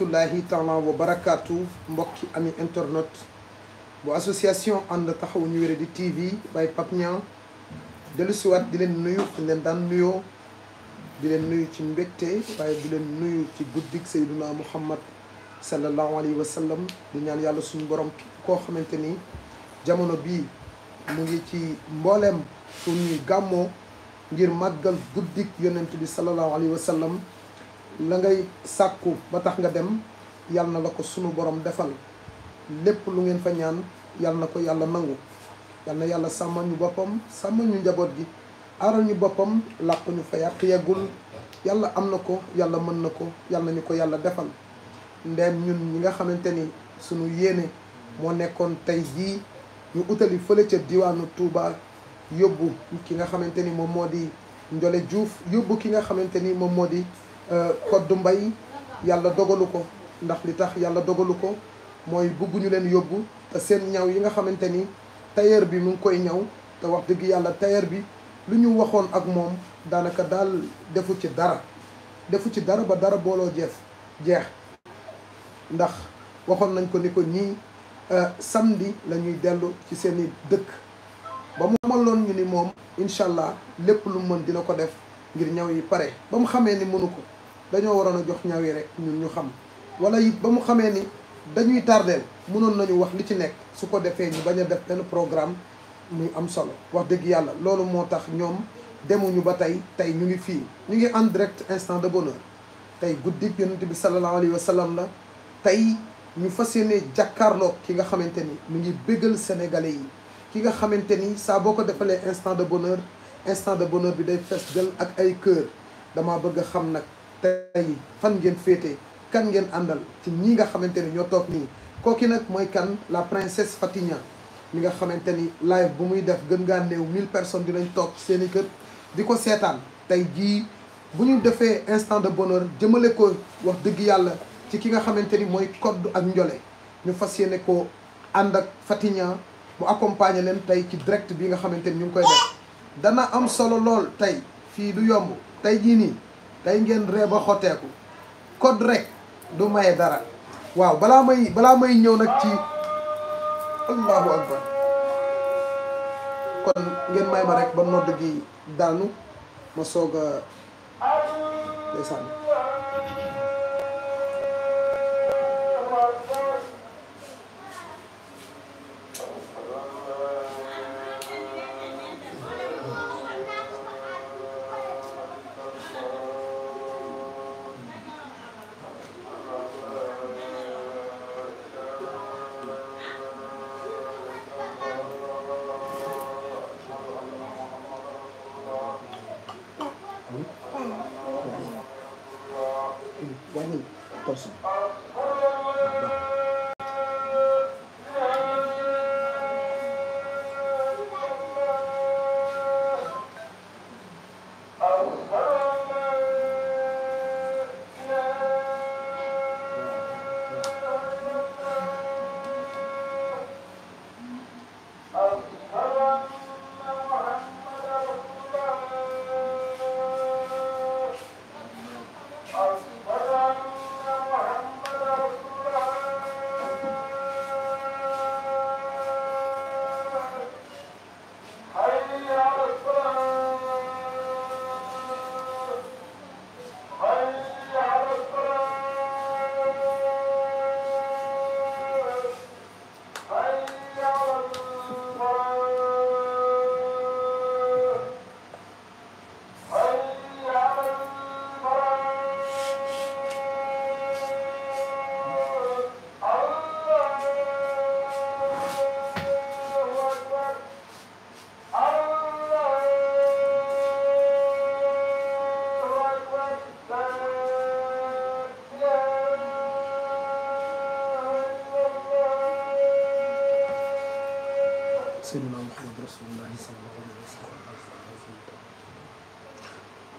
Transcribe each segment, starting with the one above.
rahmatullahi taala wa barakaatu mbokki ami internet bu association ànd taxawu ñu wéré di TV bay Pape Niang dellusiwaat di leen nuyu fi leen daan nuyoo di leen nuyu ci mbégte waaye di leen nuyu ci guddik Seyduna Muhammad sallallahu alayhi wa sallam di ñaan yàlla suñu borom koo xamante ni jamono bii mu ngi ci mbooleem suñuy gàmmoo ngir màggal guddik yonent bi sallallahu alayhi wa la ngay sàkku ba tax nga dem yal na la ko sunu borom defal lépp lu ngeen fa ñaan yal na ko yàlla nangu yal na yàlla sàmmal ñu boppam sàmmal ñu njaboot gi aaral ñu boppam làq ñu fa yàq yeggul yàlla am na ko yàlla mën na ko yal na ko yàlla defal ndeem ñun ñi nga xamante ni sunu yéene moo nekkoon tey jii ñu utali fële ca diwaanu Touba yóbbu ki nga xamante ni moom moo di njole Diouf yóbbu ki nga xamante ni moom moo di koddu euh, mbay yàlla dogalu ko ndax li tax yàlla dogalu ko mooy bugguñu leen yóbbu te seen ñaw yi nga xamante ni tailleur bi mu ngi koy ñaw te wax dëgg yàlla tailleur bi lu ñu waxoon ak moom daanaka daal defu ci dara defu ci dara ba dara booloo jeef jeex ndax waxoon nañ ko ni ko ñii euh, samedi la ñuy dellu ci seeni dëkk ba mu maloon ñu ni moom incha allah lépp lu mën dina ko def ngir ñaw yi pare ba mu xamee ni mënu ko dañoo waroon a jox ñawi rek ñun ñu xam wala it ba mu xamee ni dañuy tardeel mënoon nañu wax li ci nekk su ko defee ñu bañ a def benn programme muy am solo wax dëgg yàlla loolu moo tax ñoom demuñu ba tey tey ñu ngi fii ñu ngi en direct instant de bonheur tey guddi yonent bi sallallahu alayhi wa sallam la tey ñu fas yéene jàkkaarloog ki nga xamante ni mu ngi bégal sénégalais yi ki nga xamante ni saa boo ko defalee instant de bonheur instant de bonheur bi day fees dell ak ay cœur dama bëgg a xam nag tey fan ngeen féete kan ngeen àndal ci ñi nga xamante ni ñoo toog nii kooki nag mooy kan la princesse Fatigna mi nga xamante ni live bu muy def gën ngaa néew mille personnes dinañ toog seen i kër di ko seetaan tey jii bu ñu defee instant de bonheur jëmale ko wax dëgg yàlla ci ki nga xamante ni mooy kodd ak njole ñu fas yéene ko ànd ak Fatigna mu accompagner leen tey ci direct bi nga xamante ni ñu ngi koy def dana am solo lool tey fii du yomb tey jii nii tey ngeen ree ba xotteeku code rek du maye dara waaw balaa may balaa may ñëw nag ci allahu akbar kon ngeen may ma rek ba nodd gi daanu ma soog a ndeysaan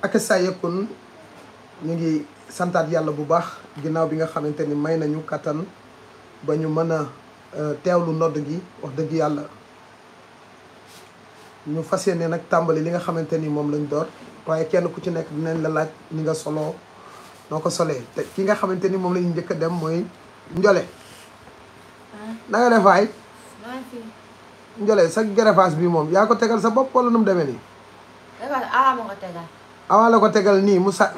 ak sayakun ñu ngi santat yalla bu baax ginaaw bi nga xamanteni ni may nañu katan ba ñu mëna a euh, nodd gi wax deug yalla ñu fas nak tambali li nga xamanteni ni lañ dor waye kenn ku ci nekk dinañ la laaj ni nga solo noko solé te ki nga xamanteni ni moom lañu njëkk dem moy njole ah. na nga def waay sa gerefaas bi mom ya ko tégal sa bop wala nu awaa la ko tegal ni mu sa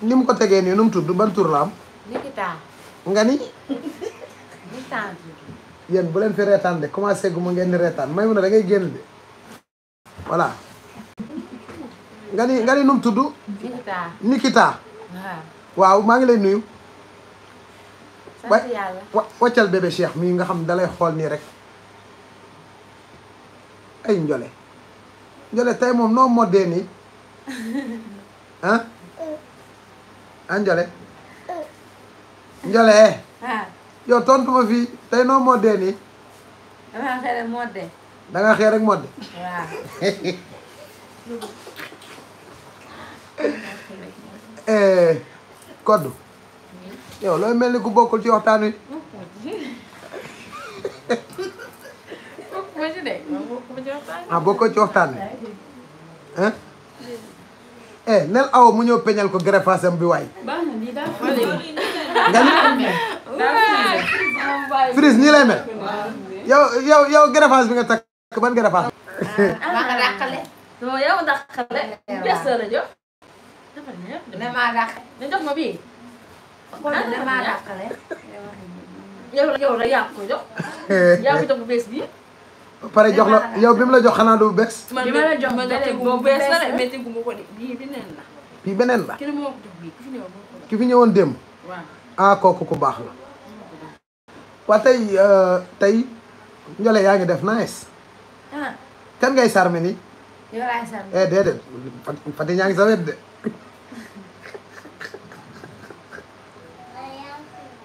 ni mu ko tege ni num tuddu ban tour la am. Nikita. nga ni. Nikita. yeen bu len fi retane de commencé gu mo ngeen retane may wona da ngay génn de voilà. nga ni nga ni num tuddu Nikita. Nikita. waaw ma ngi lay nuyu. waccal bébé Cheikh mi nga xam dalay xol ni rek ay njole njole tay mom no modé ni ah ah Ndiolé Ndiolé. waaw yow tontu ma fii tey noo moddee nii. dama xëy eh, mel ni ku bokkul ci waxtaan wi. ah bokkul ci waxtaan eh nel aw mu ñew peñal ko greffasam bi way nga ni friz ni lay mel yow yow yow greffas bi nga takk ban greffas ah, maa nga dàqale do yow dàqale bees la jox ne maa dàqale ne jox ma bii ah, ne maa dàqale yow yow la yaa jox yaa ko pare jox la yow bi la jox xana du bes bi la jox bo bes la metti gu ma ko de bi benen la. bi benen la. kenn moo ko jox ki fi ñewon dem wa ah koku ku bax la. wa tay tey eh, Ndiolé yaa def nice. ah. kan ngay sarmi ni yow la sarmi eh dedet fa ñaa ñangi sawet de.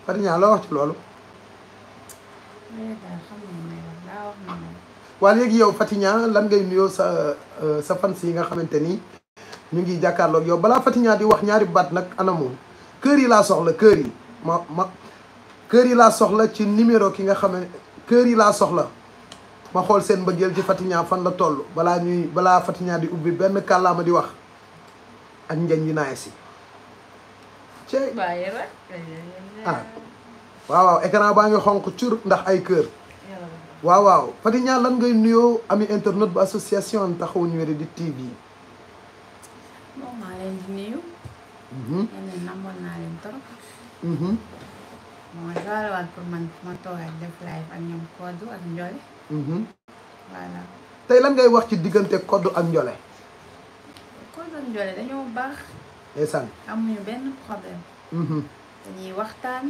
Fatick ñaa loo wax ci lolu waa léegi yow Fatigna lan ngay sa euh, sa fans yi nga xamante ñu ngi jàkkaarloog yow balaa Fatigna di wax ñaari baat nag anamu kër yi laa soxla kër yi ma ma kër yi laa soxla ci numéro ki nga xam ne yi laa soxla ma xool seen mbëggeel ci Fatigna fan la lo, bala ñuy bala Fatigna di ubbi benn kàllaama di wax ak njañ yi naay si. ah waaw waaw écran ba ngi xonq cur ndax ay waaw waaw Fati Niang lan ngay nuyoo ami internet bu association taxawu ñu wéradi TV. moom maa leen di nuyu. Mhm. yéen namoon naa leen trop. Mhm. moo joxe waat pour man def live ak ñoom Kodou ak Ndiolé. Mhm. tey lan ngay wax ci diggante Kodou ak Ndiolé. Kodou ak Ndiolé dañoo baax. ndeysaan amuñu benn problème. dañuy waxtaan.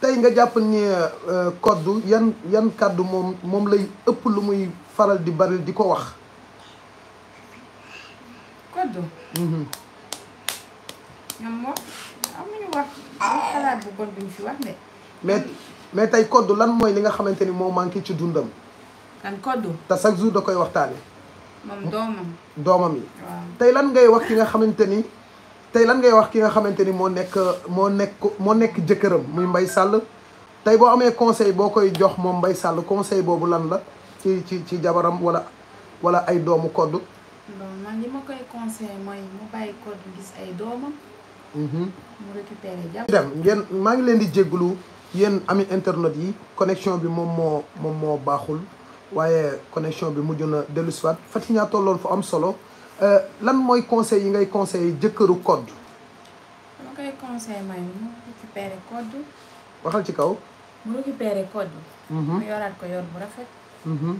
tey nga jàpp ni euh, euh, koddu yan yan kàddu moom moom lay ëpp lu muy faral di bari di ko wax. koddu. Mhm. mais mais tey koddu lan mooy li nga xamante ni moo manqué ci dundam. kan koddu. te chaque jour da koy waxtaane moom doomam. doomam yi. tey lan ngay wax ki nga xamante ni. tey lan ngay wax ki nga xamante ni moo nekk moo nekk moo nekk jëkkëram muy mbay sàll tey boo amee conseil boo koy jox moom mbay sàll conseil boobu lan la ci ci ci jabaram wala wala ay doomu kodd bon man li ma koy conseil mooy mu bàyyi kodd gis ay doomam mhm. ngeen maa ngi leen di jégglu yéen ami internet yi connexion bi moom moo moom moo baaxul waaye connexion bi mujj na dellusiwaat Faty Niang tolloon fu am solo Euh, lan mooy conseil yi ngay conseillé jëkkëru code. ma koy conseillé may mu récupéré code. waxal ci kaw. mu récupéré code. Mhm. bu rafet. Mhm.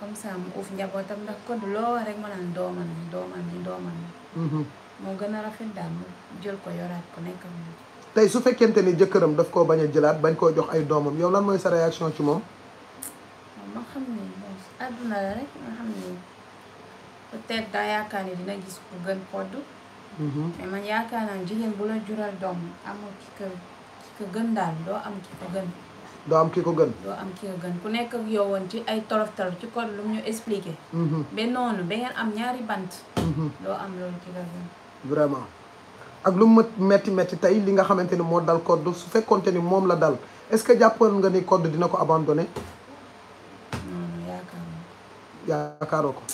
comme ça mu uuf njabootam ndax code loo war rek ma naan dooman ni dooman ni dooman mhm. moo gën a rafet daal mu jël ko yoraat ko nekk moom. tey su fekkente ni jëkkëram daf koo bañ a jëlaat bañ koo jox ay doomam yow lan mooy sa réaction ci moom. ma xam ne àdduna la rek ma xam ne. peut-être daa yaakaar ne dina gis ku gën kodd mm-hmm. mais yaakaar naa jigéen bu la jural doom amul ki ko gën daal doo am ki ko gën doo am ki ko gën ku nekk yow woon ci ay tolof tolof ci kodd lu mu ñu expliqué ba mm-hmm. noonu ba ngeen am ñaari bant mm-hmm. doo am loolu ki ko gën vraiment ak lu mu metti metti tey li nga xamante ni moo dal kodd su fekkoonte ni moom la dal est-ce que jàppoon nga ni kodd dina ko abandonné yaakaar yaakaaroo ko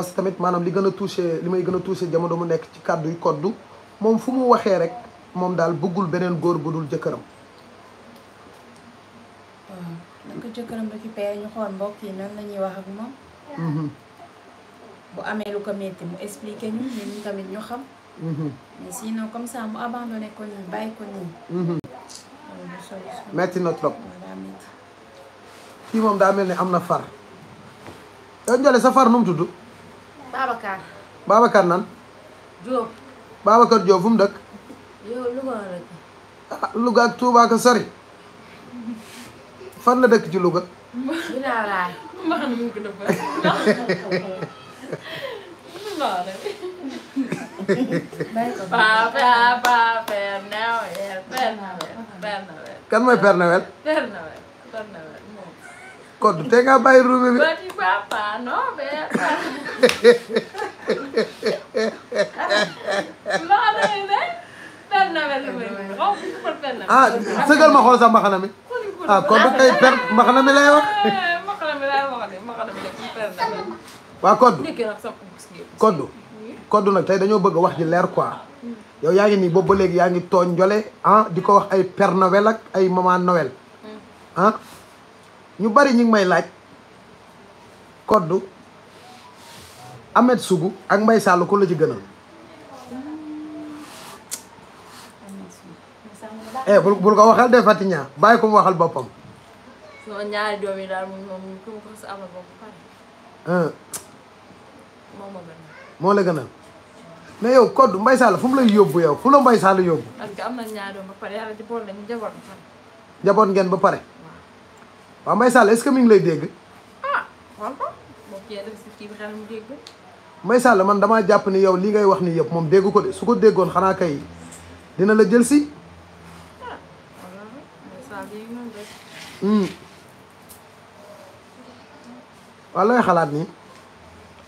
parce que tamit maanaam li gën a touché li may gën a touché jamono mu nekk ci kàddu yu koddu moom fu mu waxee rek moom daal bëggul beneen góor bu dul jëkkëram. waaw ko jëkkëram mbokk yi la ñuy wax ak moom. Mhm. bu amee lu ko métti mhm. nii bàyyi ko nii. Mhm. metti na trop. kii moom daa mel ni am na far. yow Ndiolé sa far nu mu tudd. Babacar. Babacar nan. Diop. Babacar Diop fu mu dëkk. yow ah, ak Touba ko sori. fan la dëkk ci Louga. dinaa laal. mbaa mu ngi ko defal. kon te nga bàyyi ruube bi. ah sëgal ma xool sax mbaxana mi. ah kon ba tey per mbaxana mi lay wax. mbaxana mi lay wax nag tey dañoo bëgg wax ji leer quoi yow yaa ngi nii boobu léegi yaa ngi tooñ njole ah di ko wax ay Père Noël ak ay Maman nowel ah. ñu bari ñi may laaj koddu Ahmed sugu ak may sallu ko la ci gënal eh bul bul ko waxal de Fatigna bay ko waxal bopam so ñaari doomi dal mu eh. moom ko ko sa am bopam hein mo moom gënal la gënal mais yow koddu may sallu fu mu lay yobbu yow fu lo may sallu yobbu parce que am ñaari doom ba pare yàlla ci bool lañu njaboot ba pare ngeen ba pare waaw May Sall est-ce ngi lay dégg. Ah, May Sall man damaa jàpp ni yow li ngay wax ni yëpp moom dégg ko de su ko déggoon xanaa kay dina la jël si. Ah, hmm. waaw looy xalaat nii.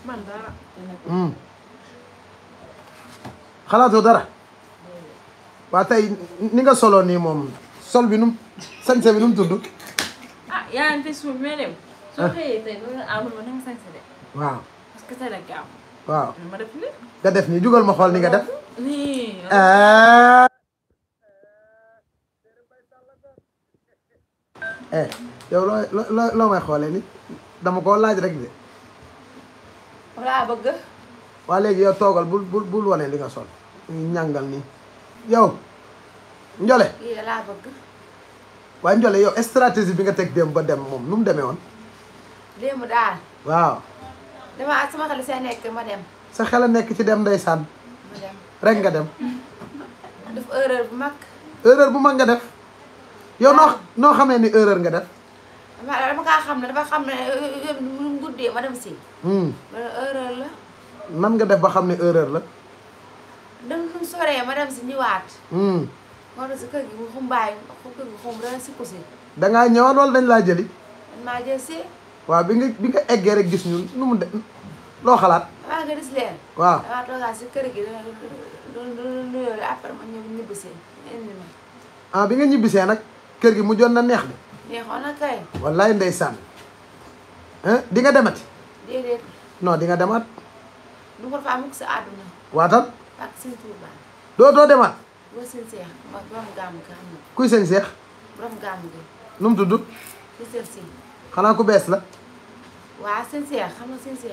man dara. Hmm. xalaatoo dara. waa tey ni nga soloon nii moom sol bi num sañse bi num tudd. ya nti suuf mee dem soo xëyee tey loolu amul ma na nga sañse de waaw parce que tey la gaaw waaw ma def ni nga def ni jugal ma xool ni nga def nii eh yow lo lo lo may xoolee ni dama koo laaj rek de walaa bëgg waa léegi yow toogal bul bul bul wane li nga sol ñàngal nii yow njole laa bëgg waaye Ndiolé yow stratégie bi nga teg dem ba dem moom nu mu demee woon. démb daal. waaw. dama sama xel see nekk ma dem. sa xel a nekk ci dem nday saan rek nga dem. def erreur bu mag. erreur bu mag nga def. yow noo noo xamee ni erreur nga def. dama kaa xam ne dafa xam ne mu guddee ma dem si. Hmm. erreur la. nan nga def ba xam ne erreur la. dama nu soree ma dem si ñëwaat. Hmm. moo tax sa kër gi mu xumbaay kër gi xum dana si dañ laa jëli dañ jël si waaw bi nga bi nga eggee rek gis ñun nu mu de xalaat waaw nga gis leen waaw damaa toogaa si kër gi lu nuyoo après ma indi ma ah bi nga ñibbisee nag kër gi mu joon na neex bi neexoon na kay wallaay ndeysaan di nga demati déedéet non di nga demaat du ko faa mukk sa àdduna waatal ak seen tuubaa mooy seen seex mooy kuy seen seex. borom gàmm gi. nu ku bees la. waaw seen seex xam nga seex.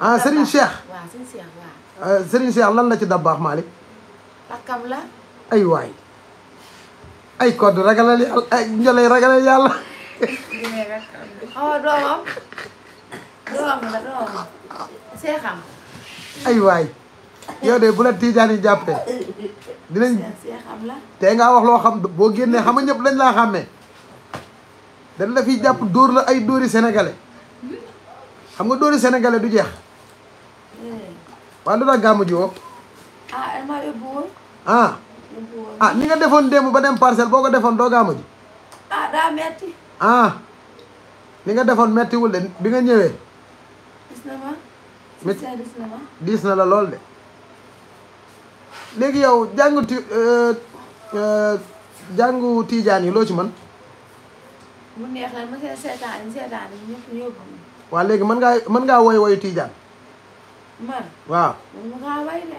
Ah, euh, lan la ci dabbaax Malick. rakkam la. ay waay. ay code ragalal yàlla ay ragalal yàlla. la oh, ay waay. yow de bu la tidiane jappé dinañ té nga wax lo xam bo génné xam nga ñëpp lañ la xamé dañ la fi japp door la ay doori sénégalais xam nga doori sénégalais du jeex eh. waaye lu ah gàmmu ji woo ah ah. ah ni nga defon dem ba dem parcel boko defon do gamu ji ah da metti ah ni nga defon metti wul de bi nga ñëwé diis na ma diis na la lol de léegi yow jàngu ti euh, euh, jàngu tiijaan yi loo ci man mu neex la ma see seetaan seetaan ñëpp yóbbu waaw léegi mën ngaa mën ngaa woy woyu waaw mu ngaa way de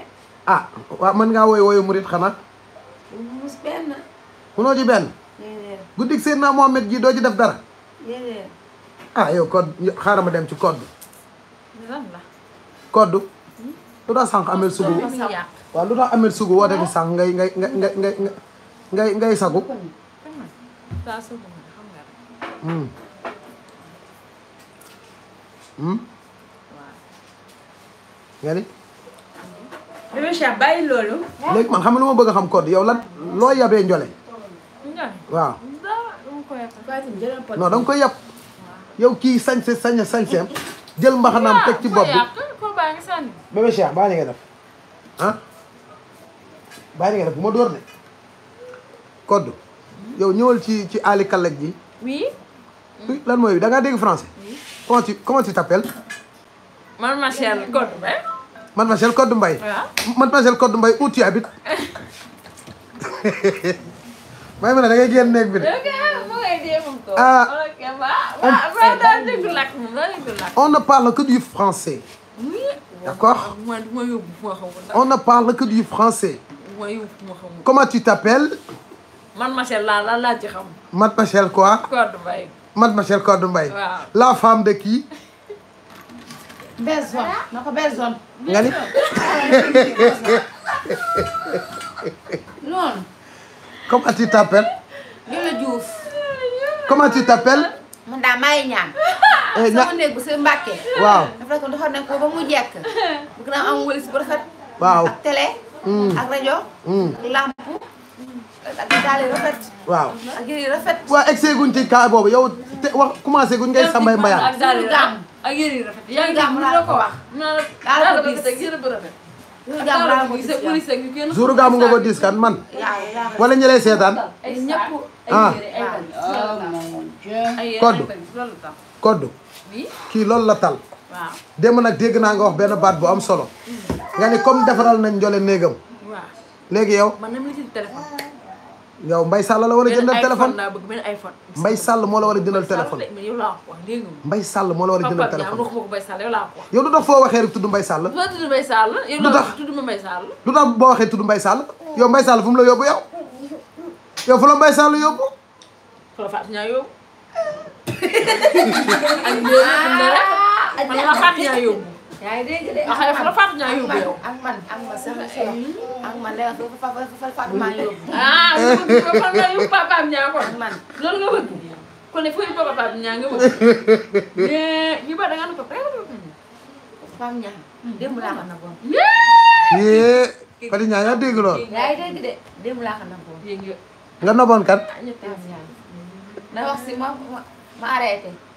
ah waaw mën ngaa woy woyu murit xanaa mus benn munoo ci benn guddik seen naa Mohamed ji doo ci def dara ah yow code xaaral ma dem ci code bi lu tax sang amel sugu và lu tax amel sugu woo def sang ngay ngay ngay ngay ngay ngay ngay cũng hmm hmm nga ni bébé Cheikh bàyyi loolu léegi man xam nga lu ma bëgg a xam code yow lan loo yabee njole waaw non da nga koy yab yow kii sañse sañ sañseem jël mbaxanam iya, tek ci bop bi bébé Cheikh baa nga def ah baa nga def buma ma door de kodd yow ñëwal ci ci Ali Kalek ji oui lan moy da nga dégg français comment tu comment tu t'appelles man Machel kodd Mbaye man Machel kodd Mbaye man Machel kodd Mbaye où tu habites may mëna da ngay génn néeg bi de Ah. Eh, on ne parle que du français. D'accord On ne parle que du français. Comment tu t'appelles Mademoiselle quoi Mademoiselle Cordombay. La femme de qui Comment tu t'appelles comment tu t'appelles. man daal ñaan. Eh, ña sama néeg bu seen mbàkke. waaw dafa ko doxoon nañ ko ba mu jekk. bëgg naa am wëlis bu rafet. waaw ak télé. Hmm. ak rajo. Hmm. ak lamp. ak daal yu rafet. waaw ak yëri rafet. waaw boobu yow te wax commencé guñ ngay sambay mbayaan. ak daal yu rafet ak yëri rafet. yaa ngi gàmm laa ko wax. jour gàmmu nga ko diis kan man. wala ñu lay seetaan. ah. ah koddu koddu kii loolu la tal. démb nag dégg naa nga wax benn baat bu am solo. Mm. nga ni comme defaral nañ njole néegam. léegi yow. yow Mbaye Sall la war a jëndal téléphone Mbaye Sall moo la war a jëndal téléphone Mbaye Sall moo la war a jëndal téléphone yow lu tax foo waxee rek tudd Mbaye Sall lu tax lu tax boo waxee tudd Mbaye Sall yow Mbaye Sall fu mu la yóbbu yow yow fu la Mbaye Sall yóbbu ak yaa ngi dégg de ah, ak man ak man ak man sax hmm. ak man léegi fa maa ah, ko. man loolu nga bëgg. kon ne fooy yóbbu papaam ñaa nga naboon kat.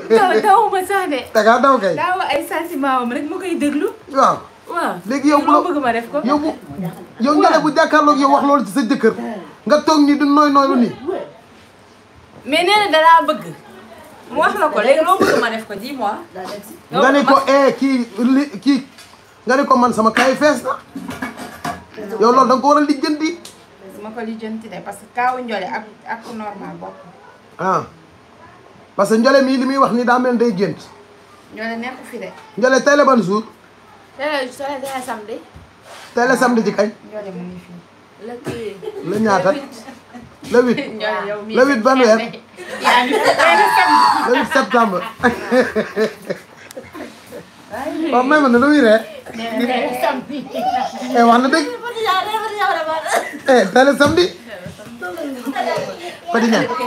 taw taw daw kay. daaw ay sentiment am rek ma koy déglu. waaw waaw léegi yow. loo bëgg ma def ko yow bu yow nga ne bu jàkkaarloog yow wax loolu ci sa jëkkër. nga toog nii du nooy nooy lu nii. mais nee na dalaa bëgg. mu wax la ko léegi loo bëgg ma def ko dis-moi. nga ne ko eh ne ko man sama kaay fees na. yow loolu da war a lijjanti. ma ko lijjanti parce que kaawu Ndiolé ak normal bokk. ah. parce que Ndiolé mii li muy wax ni daa mel day gént. Ndiolé nekk fi de. Ndiolé tey la ban jour. tey la tey la samedi. tey la samedi ci kañ. Ndiolé mu ngi fi. la kii la ñaata. le huit le huit ban weer. le huit septembre. waaw may ma ne lu muy ree. tey la samedi. wax na dëgg. tey la samedi. Fadi Niang yow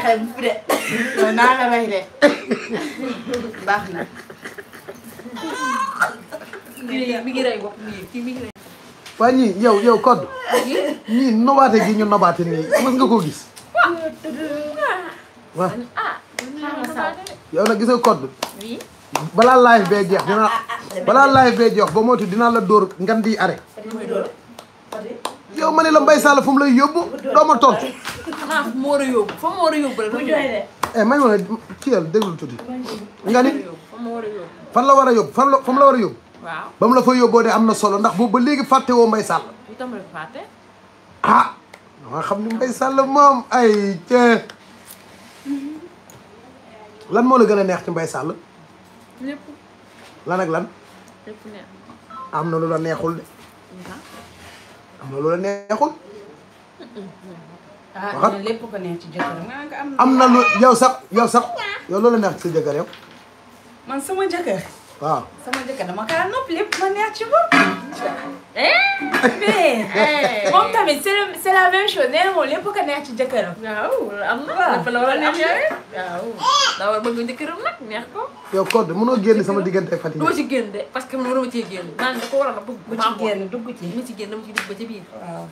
naa la rey de baax nobaate gi ñu nobaate nii mën nga koo gis. waaw. yow nag gis balaa live bee jeex balaa live bee jeex ba moytu dinaa la dóor ngan di arrêt. yow ma ne la Mbaye Sall fu mu lay yóbbu doo ma tontu. Ah, a yóbbu fa mu war a yóbbu eh, yàlla déglu tuuti. nga ni fan la war a yóbbu fan la fa mu la war a yóbbu. waaw ba mu la fa yóbboo de am na solo ndax boobu ba léegi fàtte woo Mbaye Sall. ah nga xam ni Mbaye Sall moom ay ca. lan moo la gën a neex ci mbay Sall. lépp. lan am na lu la neexul de. am na loola neexul. ah lépp ko neex ci jëkkër am na lu yow sax yow sax yow loola neex ci sa jëkkër yow. man sama jëkkër. waaw sama jëkkër dama kaa nopp lépp ma neex ci bopp. mais eh, eh, eh. moom tamit c' est c' est la même chose nee na moom lépp ka neex ci jëkkëram. waaw am na dafa la war a neex waaw daa war a bëgg jëkkëram nag neex ko. yow Codé mënoo génn sama diggante Fatick. doo ci génn de parce que mënoo cee génn. naan da ko waroon a bëgg. bu ci génn dugg ci mu ci génn dama ci dugg ba ca biir. waaw.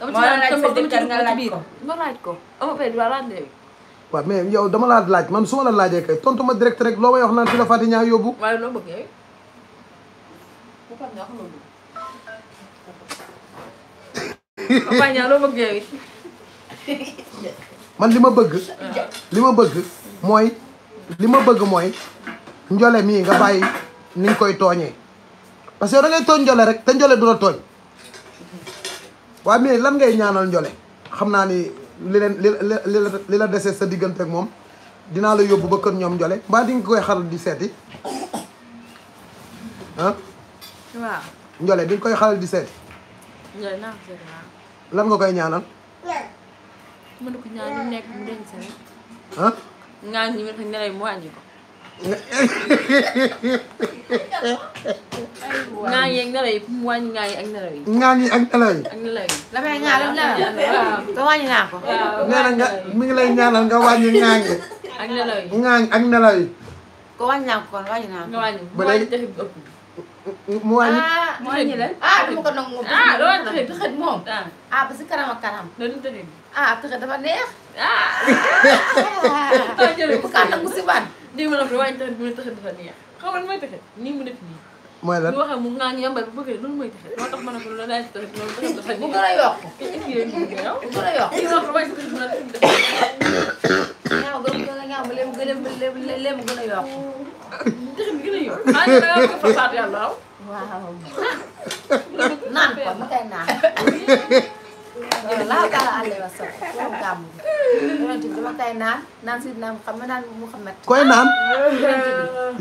dama ci dugg ba ca biir moo laaj ko dama laaj ko. amoo fay du rendez-vous waaw mais yow dama laaj man su ma la laajee kay rek loo may wax naan fi la Faty Niang yóbbu. waaye loo eh? eh? man li ma bëgg. li ma bëgg mooy. li ma bëgg mooy njole mii nga bàyyi ni koy tooñee parce que yow da ngay tooñ njole rek te njole du la tooñ waaye mais lan ngay ñaanal njole xam naa ni. li leen li li la dese sa diggante ak moom dinaa la yóbbu ba kër ñoom njole mbaa di nga koy xaral di seeti njole waaw koy xaral di seeti. Ndiolé lan nga koy ñaanal. mën ko ñaan mu denc nga anh ta lại mua như ngay anh ta lại nga gì anh ta lại anh ta lại là phải nga lắm nè có qua như nào nga là nga mình lên nga là có qua như nga anh ta lại nga anh ta lại có qua nào còn qua như nào qua như bên đây mua anh à, mua anh gì đấy à mua con nông à đó là thực hiện mua à bây giờ karam karam đó là thực hiện à tôi hiện đâu mà nè à tôi chơi bukan musibah dégg nga noppi waaye taxit bu ne taxit dafa neex xaw ma lan mooy taxit nii mu def nii. mooy lan bu waxee mu ngaa yambal bu bëggee loolu mooy taxit moo tax ma ne ko loolu daal taxit loolu taxit dafa neex. bu gën a yokk bu gën a yokk. dégg nga noppi waaye taxit bu ne taxit dafa neex. ñaaw gën a gën a ñaaw ba léem gën a léem gën a yokk. taxit gën a yokk ah ñu ne ko fasaat yàlla waaw. waaw naan ko ma koy naan. laa taala alayhi wa sallam loolu gàmm yonent bi dama koy naan naan si naan xam nga naan Muhammad koy naan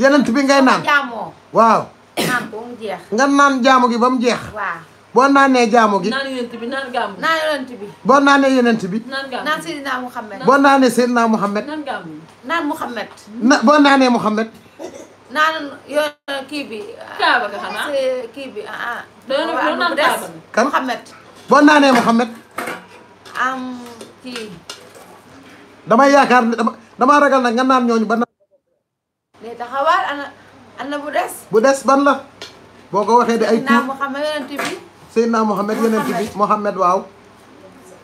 yonent bi ngay naan jaamoo waaw naan ko mu jeex nga naan jaamu gi ba mu jeex waaw boo naanee jaamu gi naan yonent bi naan gàmm naan yonent bi boo naanee yonent bi naan gàmm naan Seydina Muhammad boo naanee Seydina Muhammad naan gàmm naan Muhammad na boo naanee Muhammad naan yoon kii bi kaaba nga xanaa kii bi ah ah doon na ko naan kaaba Muhammad boo naanee Mouhamed. am kii. damay dama damaa ragal nag nga naan ñooñu ba naan. bu des. ban la. boo ko waxee di ay. Seydina Mouhamed yeneen bi. Seydina Mouhamed waaw.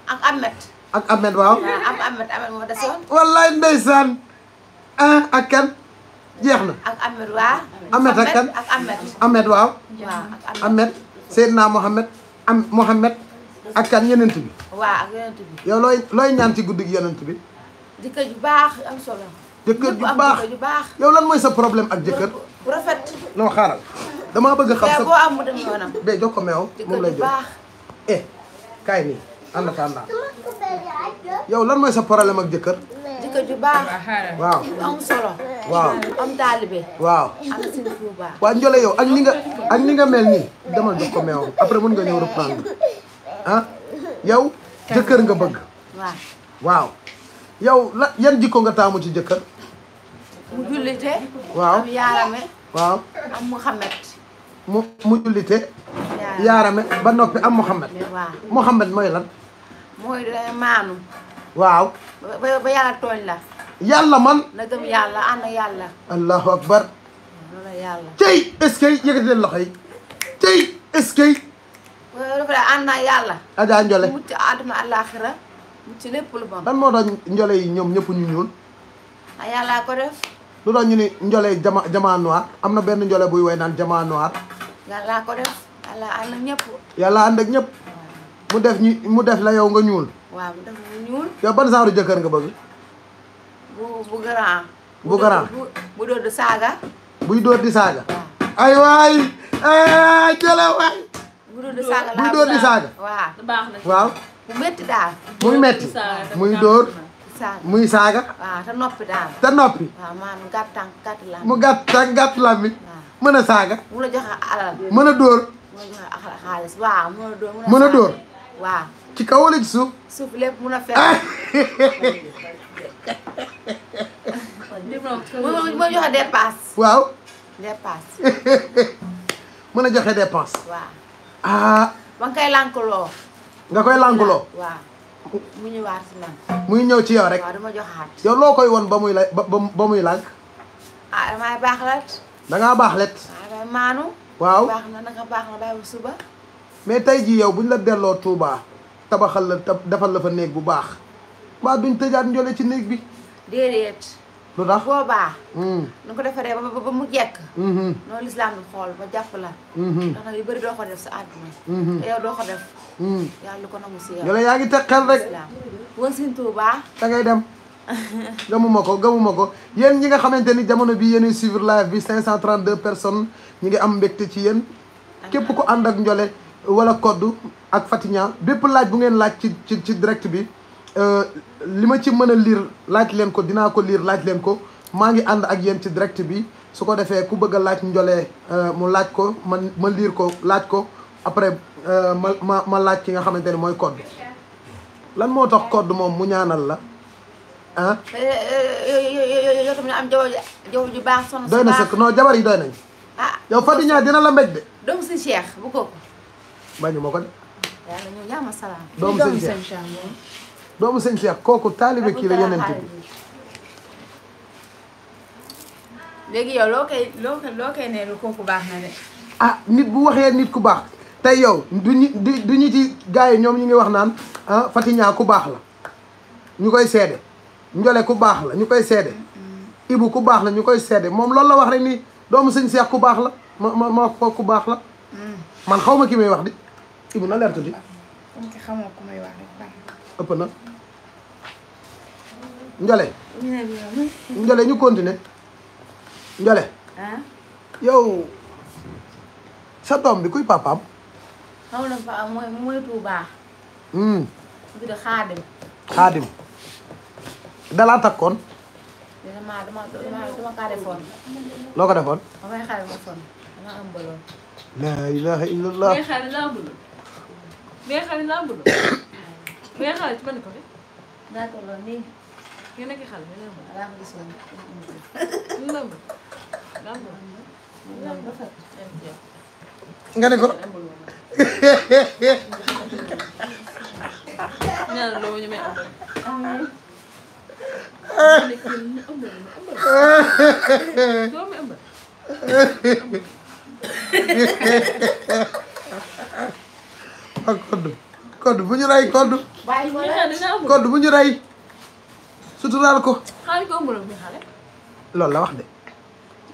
ak Ahmed. ak Ahmed waaw. am ah, Ahmed Ahmed moo desoon. wallaay ndeysaan. ah na ak Ahmed waaw. Ahmed ak ak kan yonent bi. waaw ak yenen bi. yow loy loy ñaan ci guddig yenen tibi bi. ju baax am solo. jëkkër ju baax yow lan moy sa problème ak jëkkër. bu rafet. no xaaral dama bëgg xam sa boo am dem ko meew lay jox eh kay ni Anda. ta anda yow lan moy sa problème ak jëkkër. jëkkër ju baax. waaw am solo. waaw am talibé waaw am si lu baax. waa yow ak li nga ak li nga mel ni demal jox ko meew après mën nga ñëw reprendre. ah yow jëkkër nga bëgg waaw yow la yan jikko nga taamu ci jëkkër mu jullite waaw am yaarame waaw am Muhammad mu mu jullite yaarame ba noppi am Muhammad Muhammad mooy lan mooy eh, maanu waaw ba yàlla tooñ la yàlla man na gëm yàlla ànd ak yàlla allahu akbar loolu yàlla tey est-ce que yëkkati leen loxo yi tey est-ce que dafa ne ànd naa yàlla. Adja Ndiolé mucc àdduna àllaaxira mucc lépp lu bon. lan moo tax Ndiolé yi ñoom ñëpp ñu ñuul. a yàllaa ko def. lu tax ñu ni njole jama jamaa noir am na benn njole buy woy naan jamaa noir. yàllaa ko def yàlla ànd ak ñëpp. yàlla ànd ak ñëpp. mu def ñi mu def la yow nga ñuul. waaw mu def mu yow ban jëkkër nga bëgg. bu bu bu grand saaga. buy doon di saaga. ay waay ay waay. bu dóor di saaga waaw baax na daal. muy métti muy dóor. muy saaga. waaw noppi daal. te noppi. waaw gàtt tànk gàtt làmmiñ. mu gàtt tànk a saaga. mu la joxe alal. mën a dóor. mën a joxe xaalis waaw mën a dóor. mën a waaw. ci kaw wala ci mën a joxe dépense. ah. ma ngi koy lànkloo. nga koy lànkloo. mu ñu waar si man. muy ñëw ci yow rek. dama joxaat. yow loo koy won ba muy la ba ba muy lànk. ah damay baax let. da baax let. waaw ah, damay maanu. waaw baax na naka baax na bàyyi suba. mais tey jii yow bu ñu la delloo tuubaa tabaxal la defal la fa néeg bu baax mbaa duñ tëjaat njole ci néeg bi. déedéet. lu tax mm. ba ba mu jekk noonu lislaam bi xool ba jàpp la ndax nag yu bëri doo ko def sa àdduna te yow doo ko def yàlla lu ko nangu si dem gëmuma ko gëmuma ko yéen ñi nga xamante ni jamono bi yéen suivre live bi cinq cent trente deux direct bi Euh, li ma ci mën a liir laaj leen ko dinaa ko liir laaj leen ko maa ngi ànd ak yéen ci direct bi su ko defee ku bëgg a laaj njolee euh, mu laaj ko man ma liir ko laaj ko après euh, ma ma ma laaj ki nga xamante ne mooy code lan moo tax code moom mu ñaanal la ah. yoo xam ne am jaww ji ju baax. soxna doy na sëkk non jabar yi doy nañ ah yow Fatou Niang dina la mbéj de. doomu si Cheikh bu ko. bañu ma ko de. yàlla ñëw yaa ma salaam. doomu si Cheikh doomu sëñ Cheikh kooku taalibe kii la yeneen bi léegi yow loo koy loo koy loo koy neelu kooku baax na de. ah nit bu waxee nit ku baax tey yow du ñu du ñu ci gars yi ñoom ñu ngi wax naan ah ku baax la ñu koy seede Njole ku baax la ñu koy seede mm-hmm. Ibu ku baax la ñu koy seede moom loolu la wax rek ni doomu sëñ Cheikh ku baax la ma ma ma ko ku baax la. Mm. man xaw ma ki may wax di Ibu na leer tuuti. ëpp na. Ndiolé. Ndiolé ñu continuer Ndiolé. yow sa doom bi kuy papaam. xaw na fa mooy mooy Touba. Hmm. mu tudd Xaadim. Xaadim takkoon. dama dama dama kaa loo ko defoon. damay xale ma fon dama am baloon. Yun nagkakal, yun naman. Alam this one. Yun naman. Number. Number. Nga ko. Nalalo niyo may ambal. suturaal ko. xaaral ko ëmb bi xale. loolu la wax de.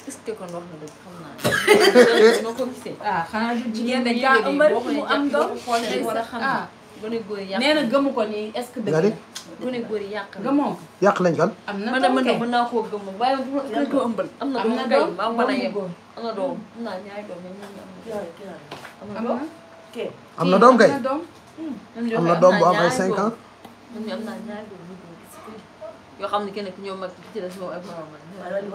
est-ce que kon wax na dëgg xam naa. noo ko gisee. ah xanaa jigéen dañ kaa ëmb mu am doom. war a xam ah. gone góor yàq nee na gëmu ko nii est-ce que dëgg la gone góor yàq la gëmoo ko. yàq lañ kan. am na doom kay mën naa koo gëmm waaye bu ma ko ëmbal. am na doom kay maa mën a yem am na doom. am naa ñaari doom am na doom kay. am na doom kay. am na doom bu hmm. am ay 5 ans. am na ñaari doom. yoo xam ne kenn ku ñëw mag ci des moom ak moom.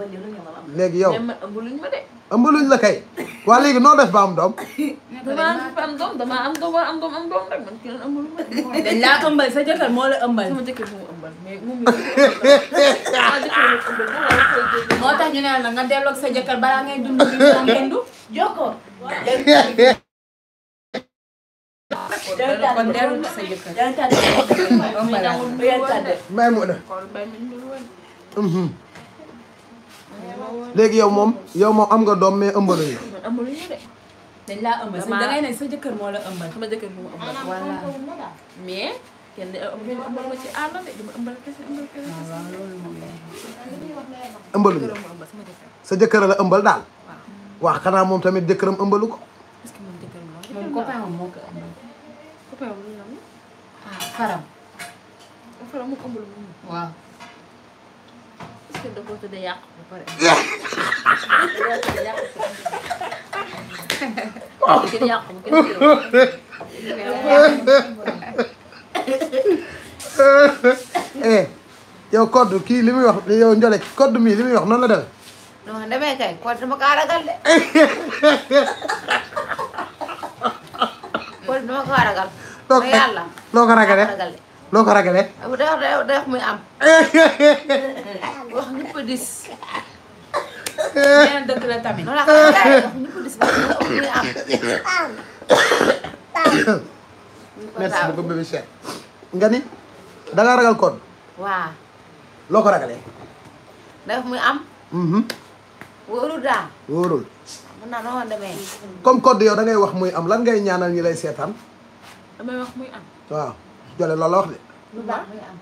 léegi yow mais man ëmbaluñ ma de. ëmbaluñ la kay. waa léegi noo def ba am doom. damaa am doom damaa am doom war am doom am doom rek man kenn ëmbaluñ ma de. dañ laa ëmbal sa jëkkër moo la ëmbal. sama jëkkër moo ëmbal mais moom la moo tax ñu ne la nga delloo ak sa jëkkër balaa ngay dund bi moom ngeen du jokkoo. kon dellu sa jëkkër. may léegi yow moom yow moom am nga doom mais ëmbalu yi. de. laa ëmbal sa jëkkër moo la ëmbal. sama jëkkër moo ëmbal voilà mais. la. ëmbal daal. wax xanaa moom tamit jëkkëram ëmbalu ko. faram. faram mu ëmb lu mu. waaw. est kii li muy wax yow li muy wax noonu la demee. non demee kay Codou dama kaa ragal de. Codou dama kaa ragal. loo yàlla loo ko ragale loo ko ragale muy am wax ñëpp dis beneen dëkk la tamit wax ñëpp dis muy am merci beaucoup bébé cher nga ni da nga ragal kon waaw loo ko ragale ya? muy am wóorul mhm. daal wóorul mën naa noo demee comme code yow ya, da ngay wax muy am lan ngay ñaanal ñi lay damay wax muy am. waaw Jole loolu la wax de. lu baax muy am.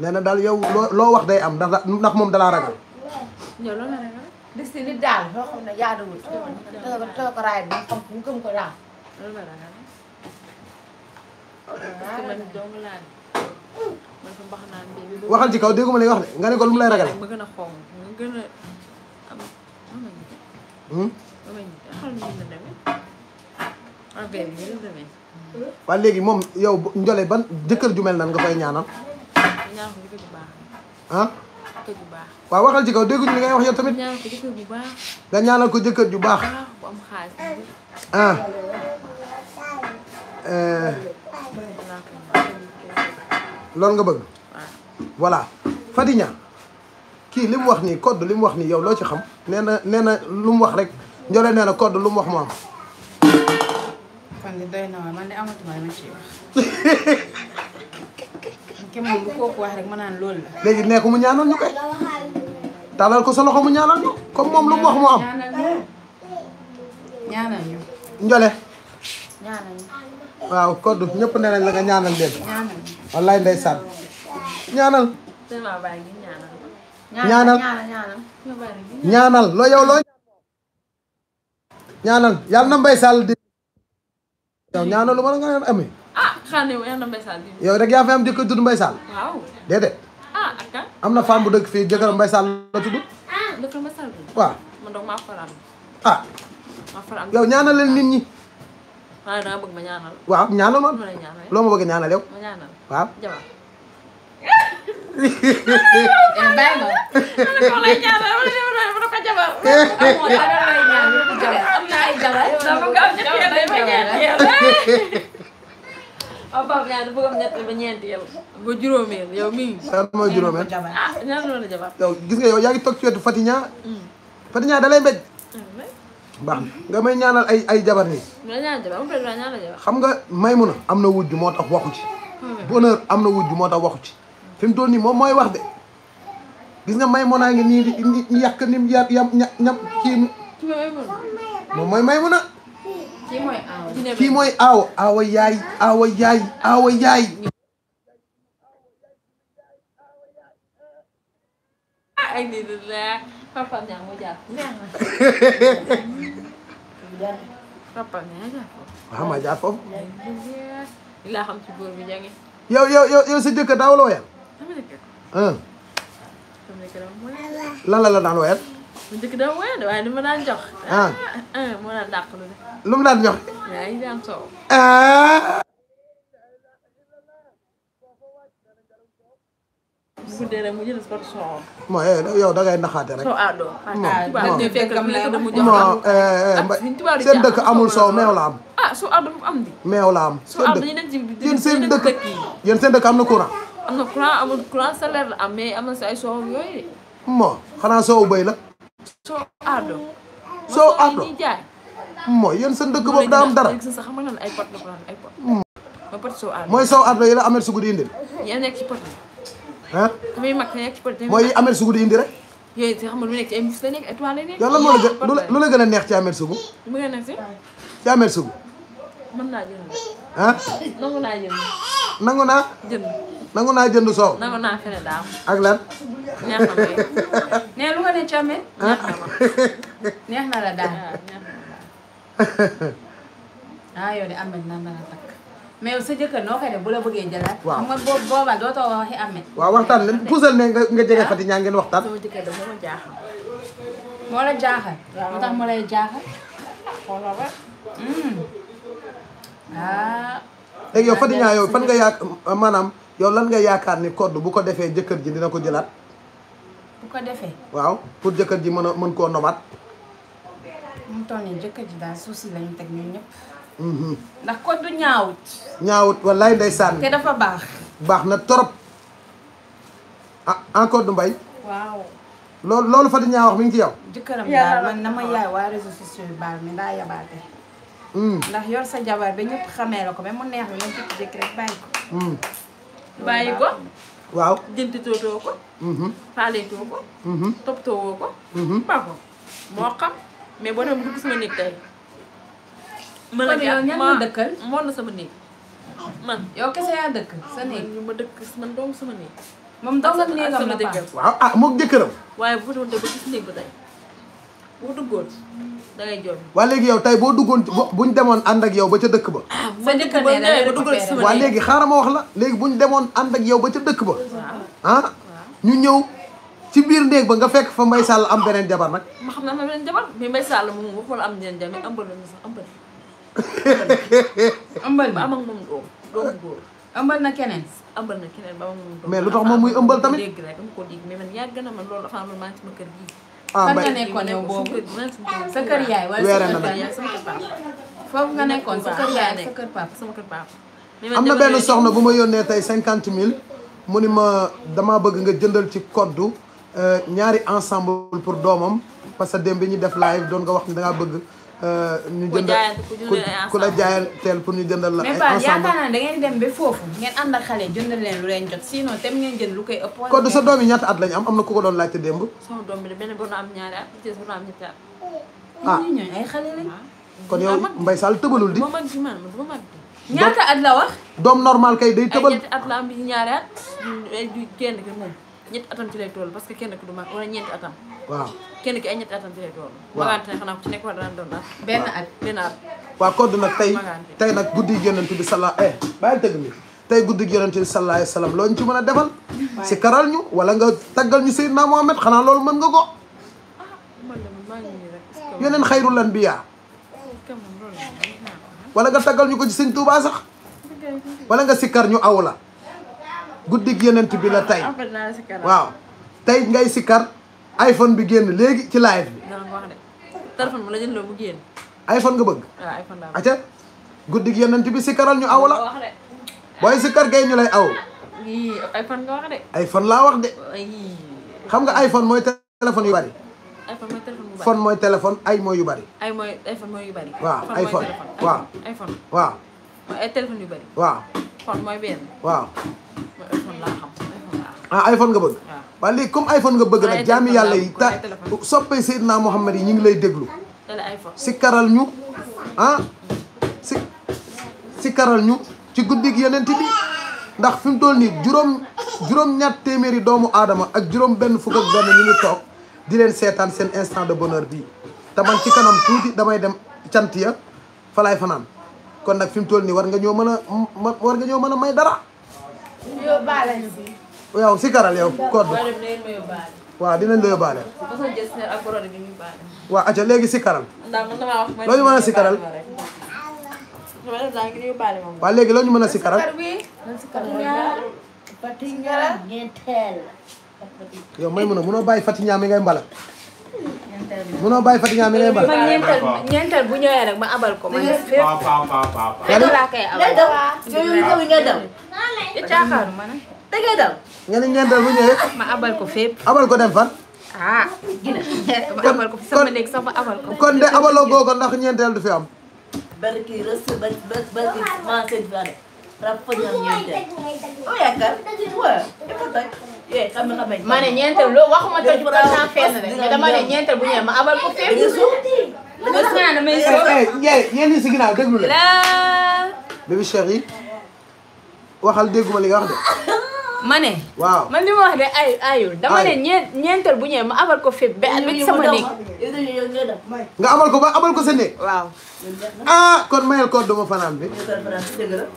nee na daal yow loo loo wax day am ndax ndax moom dalaa ragal. ñoo loolu la ragal. di si nit daal loo xam ne jaaduwul. dëgg la dëgg ko raay bi xam mu gëm ko daal. loolu la ragal. waaw man dong laa ne. man fa mbax naan bi. waxal ci kaw dégguma lay wax de nga ne ko lu mu lay ragalee. ma gën a xaw ma gën a am. ma ma ñu xaw hmm? ma ñu demee. affaire bi ñu demee. waaw léegi mom yow Ndiolé ban jëkkër ju mel nan nga fay ñaanal. ñaan ko jëkkër bu baax. han jëkkër bu baax. waaw waxal ci kaw dégguñu li ngay wax yow tamit. ñaan ko jëkkër ñaanal ko jëkkër ju baax. bu am xaalis. ah. loolu nga bëgg. voilà fadiña ki li wax ni code li wax ni yow lo ci xam neena neena nee wax rek Ndiolé neena code lu wax mu fan yi na ma naan loolu la. léegi nee ko mu ñaanal ñu koy. tàllal ko sa loxo ñaanal ñu. comme moom lu mu wax mu am ñaanal Njole. waaw Codou ñëpp nee nañ la nga ñaanal leen. ñaanal ñu wallaay ndeysaan. ñaanal. ñaanal ñaanal loo yow loo ñaanal yàlla na Mbaye Sall yow ñaanalu ma la nga amee. ah yow yaa na Mbaye Sall rek yaa fi am jëkkër tudd Mbaye Sall. waaw ah, am na femme bu dëkk fii jëkkër Mbaye Sall la tudd. Ah, dëkk Mbaye Sall waaw man ah. yow ñaanalal nit ñi. waaw ñaanal. man. ma eh? ma bëgg ñaanal yow. waaw. sama juróom yow gis nga yow yaa ngi toog ci wetu Fatiña Fatiña da lay mbéj baax nga may ñaanal ay ay jabar nii xam nga Maymuna am na wujj moo tax waxu ci bonheur am na wujj moo tax waxu ci fi mu moom mooy wax de gis nga Maymuna ngi nii di ni mu yàq moom mooy may kii mooy mooy aaw aawa yaay aawa yaay aawa yaay. ay nit la foofu. ci góor bi jàngi. yow yow sa jëkkër daawul woyal lala la la daan woyal. bu njëkk daan jox. ah moo daan dàq lu ne. lu mu daan jox. yaa ngi daan soow. bu guddee rek mu jël sport soow. moo yow da ngay naxaate rek. soo dëkk amul meew la am. ah soo aadoo am di. meew la am. seen dëkk seen courant. am na courant amul courant salaire la am mais am na si ay soow yooyu de. moo xanaa soow béy la. soow aado. soow aado moo yéen seen dëkk boobu daa am dara. ay pot la ko ay pot. mooy pot soow aado. mooy soow aado yi la Ameth Sougou di indil. nekk ci pot yi. ah muy mag nekk ci pot yi. mooy yi Ameth indi rek. yooyu lu nekk ci ay mbuus la nekk ay toile moo la gën a neex ci Ameth Sougou. mu gën a neex ci. ci Ameth Sougou. naa nangu naa jënd. na naa nangu naa jënd soow. nangu naa fene daaw. ak lan. neex na may nee lu nga ne càmme. neex na ma neex na la daal ah yow de Ameth nan la takk mais sa jëkkër noo koy def bu la bëggee jëlaat. waaw xam nga boobu boobaa dootoo waxi Ameth. waaw waxtaan leen puusal ne nga nga jege Fatick ñaa ngeen waxtaan. sama jëkkër dafa ma jaaxal. moo la jaaxal. waaw moo tax moo lay jaaxal. xoolal rek. Hmm. ah. léegi yow Fatick ñaa yow fan nga yaak maanaam. yow lan nga yaakaar ni code bu ko defee jëkkër ji dina ko jëlaat. bu ko defee. waaw pour jëkkër ji mën mën koo nomaat. mu toll nii jëkkër ji daal suuf si lañu teg ñu ñëpp. Mhm. ndax code du ñaawut. ñaawut wallaay ndeysaan. te dafa baax. baax na torop ah encore ah, du mbay. waaw. loolu fa Fatou Ndiaye wax mi ci yow. jëkkëram daal man na ma yaay waa réseaux sociaux yi baal mi daa yabaate. Mm. ndax yor sa jabar ba ñëpp xamee la ko ba mu neex la nga jékki-jékki rek bàyyi ko. Mm. bàyyi ko waaw jëntitootoo ko faaleetoo ko toppatoowoo ko ba ko mo xam mais boo demee dugg sama néeg tey ma la ñaan ma dëkkal moon na sama néeg man yow kese yaa dëkk sa néeg ñu ma dëkk man doomu sama néeg moom doomu sama néeg sama dëkkam waaw ah moog jëkkëram waaye bu doon dëgg gis néeg ba tey boo duggoon da ngay jooy waa léegi yow tey boo duggoon bu ñu demoon ànd ak yow ba ca dëkk ba ah, sa dëkk ba waa léegi xaaral ma wax la léegi bu ñu demoon ànd ak yow ba ca dëkk ba ah, ñu ñëw ci biir néeg ba nga fekk fa Mbaye Sall am beneen jabar nag ma xam naa am beneen mais Mbaye Sall moom waxul am beneen jabar mais ambal na sax ambal am ak moom doom doomu góor ëmbal na na keneen ba am ak lu tax moom muy ëmbal tamit na man loolu dafa ah nga nekkoon yow boobu am na benn soxna bu ma yónnee tey cinquante mille mu ni ma damaa bëgg nga jëndal ci koddu euh, ñaari ensemble pour doomam parce que démb bi ñu def live doon nga wax ni dangaa bëgg Eh, ñu jëndal ku la jaayal teel pour ñu jëndal la. ensemble mais Paa yaakaar naa da ngeen dem ba foofu ngeen ànd ak xale jëndal leen lu leen jot tem ngeen jënd lu koy ëpp. sa at am am ku ko doon sama doom bi benn am ñaari at bu bu am at. ah ñooñu ay xale lañ. Ah. kon yow ah, Mbaye Sall tëbalul di. ma mag man ma mag ñaata at la wax. normal kay day tëbal ay at la am bi ñaari at. Mm, du kenn ki moom ñetti atam ci lay toll parce que kenn ku du mag wala atam waaw kenn ki ay ñetti atam fi nekk woon. waaw ci nekk war daan doon daal. at benn at. bi eh bàyyi tëgg mi tay guddi yonent bi alayhi salaam eh, loo ci mën defal. si karal ñu wala nga taggal ñu Seydina Mohamed xanaa loolu mën nga ko. yeneen xayrul anbiya wala nga taggal ñu ci sëñ Tuubaa sax. wala nga ñu la waaw ngay iPhone bi génn léegi ci live bi. téléphone bi la jëndoo mu génn. iPhone nga bëgg. waaw iPhone laa bëgg. acca guddi gi yonent bi sikkaral ñu aw la. booy sikkar gay ñu lay aw. yii iPhone nga wax de. iPhone laa wax de. xam nga iPhone mooy téléphone yu bari. iPhone mooy téléphone bu bari. phone mooy téléphone ay mooy yu bari. ay mooy iPhone mooy yu bari. waaw iPhone waaw iPhone waaw. mooy ay téléphone yu bari. waaw. phone mooy benn. waaw. mooy iPhone laa xam. ah iPhone nga bëgg ah. waaw léegi comme iPhone nga bëgg nag jaami yàlla yi ta soppe Seydina Mouhamed yi ñu ngi lay déglu si karal ñu ah si si karal ñu ci guddig yeneen ndax fi mu toll nii juróom juróom ñaat téeméeri doomu aadama ak juróom benn fukk ak benn ngi toog di leen seetaan seen instant de bonheur bii te man ci kanam tuuti damay dem cant ya falaay fanaan kon nag fi mu toll nii war nga ñoo mën a war nga ñoo mën a may dara. yow si karal yow code bi waaw dinañ la yóbbaale. waaw aca léegi si karal. loo ñu mën a si karal. waaw léegi loo ñu mën a si karal. yow may mun a munoo bàyyi Fatiña mi ngay mbala. munoo bàyyi Fatiña mi ngay mbala. man ñeenteel ñeenteel bu ñëwee rek ma abal ko. ma ne fépp waaw waaw waaw waaw. laa koy abal. da ngay daw. nga ni ñeenteel bu ñëwee. ma abal ko fépp. abal ko dem fan. ah gina ma abal ko sama néeg sama abal ko. kon de abaloo googu ndax ñeenteel du fi am. barki rës ba ba ba maa seen fi ade rab fa ñam ñeenteel. oo oh, yaakaar waaw dafa toj. eh xam nga xam nañ. ma ne ñeenteel loo waxuma toj ko sans fenn rek dama ne ñeenteel bu ñëwee ma abal ko fépp. bés naa damay eh, suuf. Eh, ñeent ñi si ginnaaw déglu leen. Bébé Chéri yi waxal dégguma li nga wax de. mane waaw man li ma wax dé ay ayu dama né ñentel bu ñé ma abal ko fi bé ak sama néeg nga abal ko ba abal ko sa néeg waaw ah kon mayel code ma fanam bi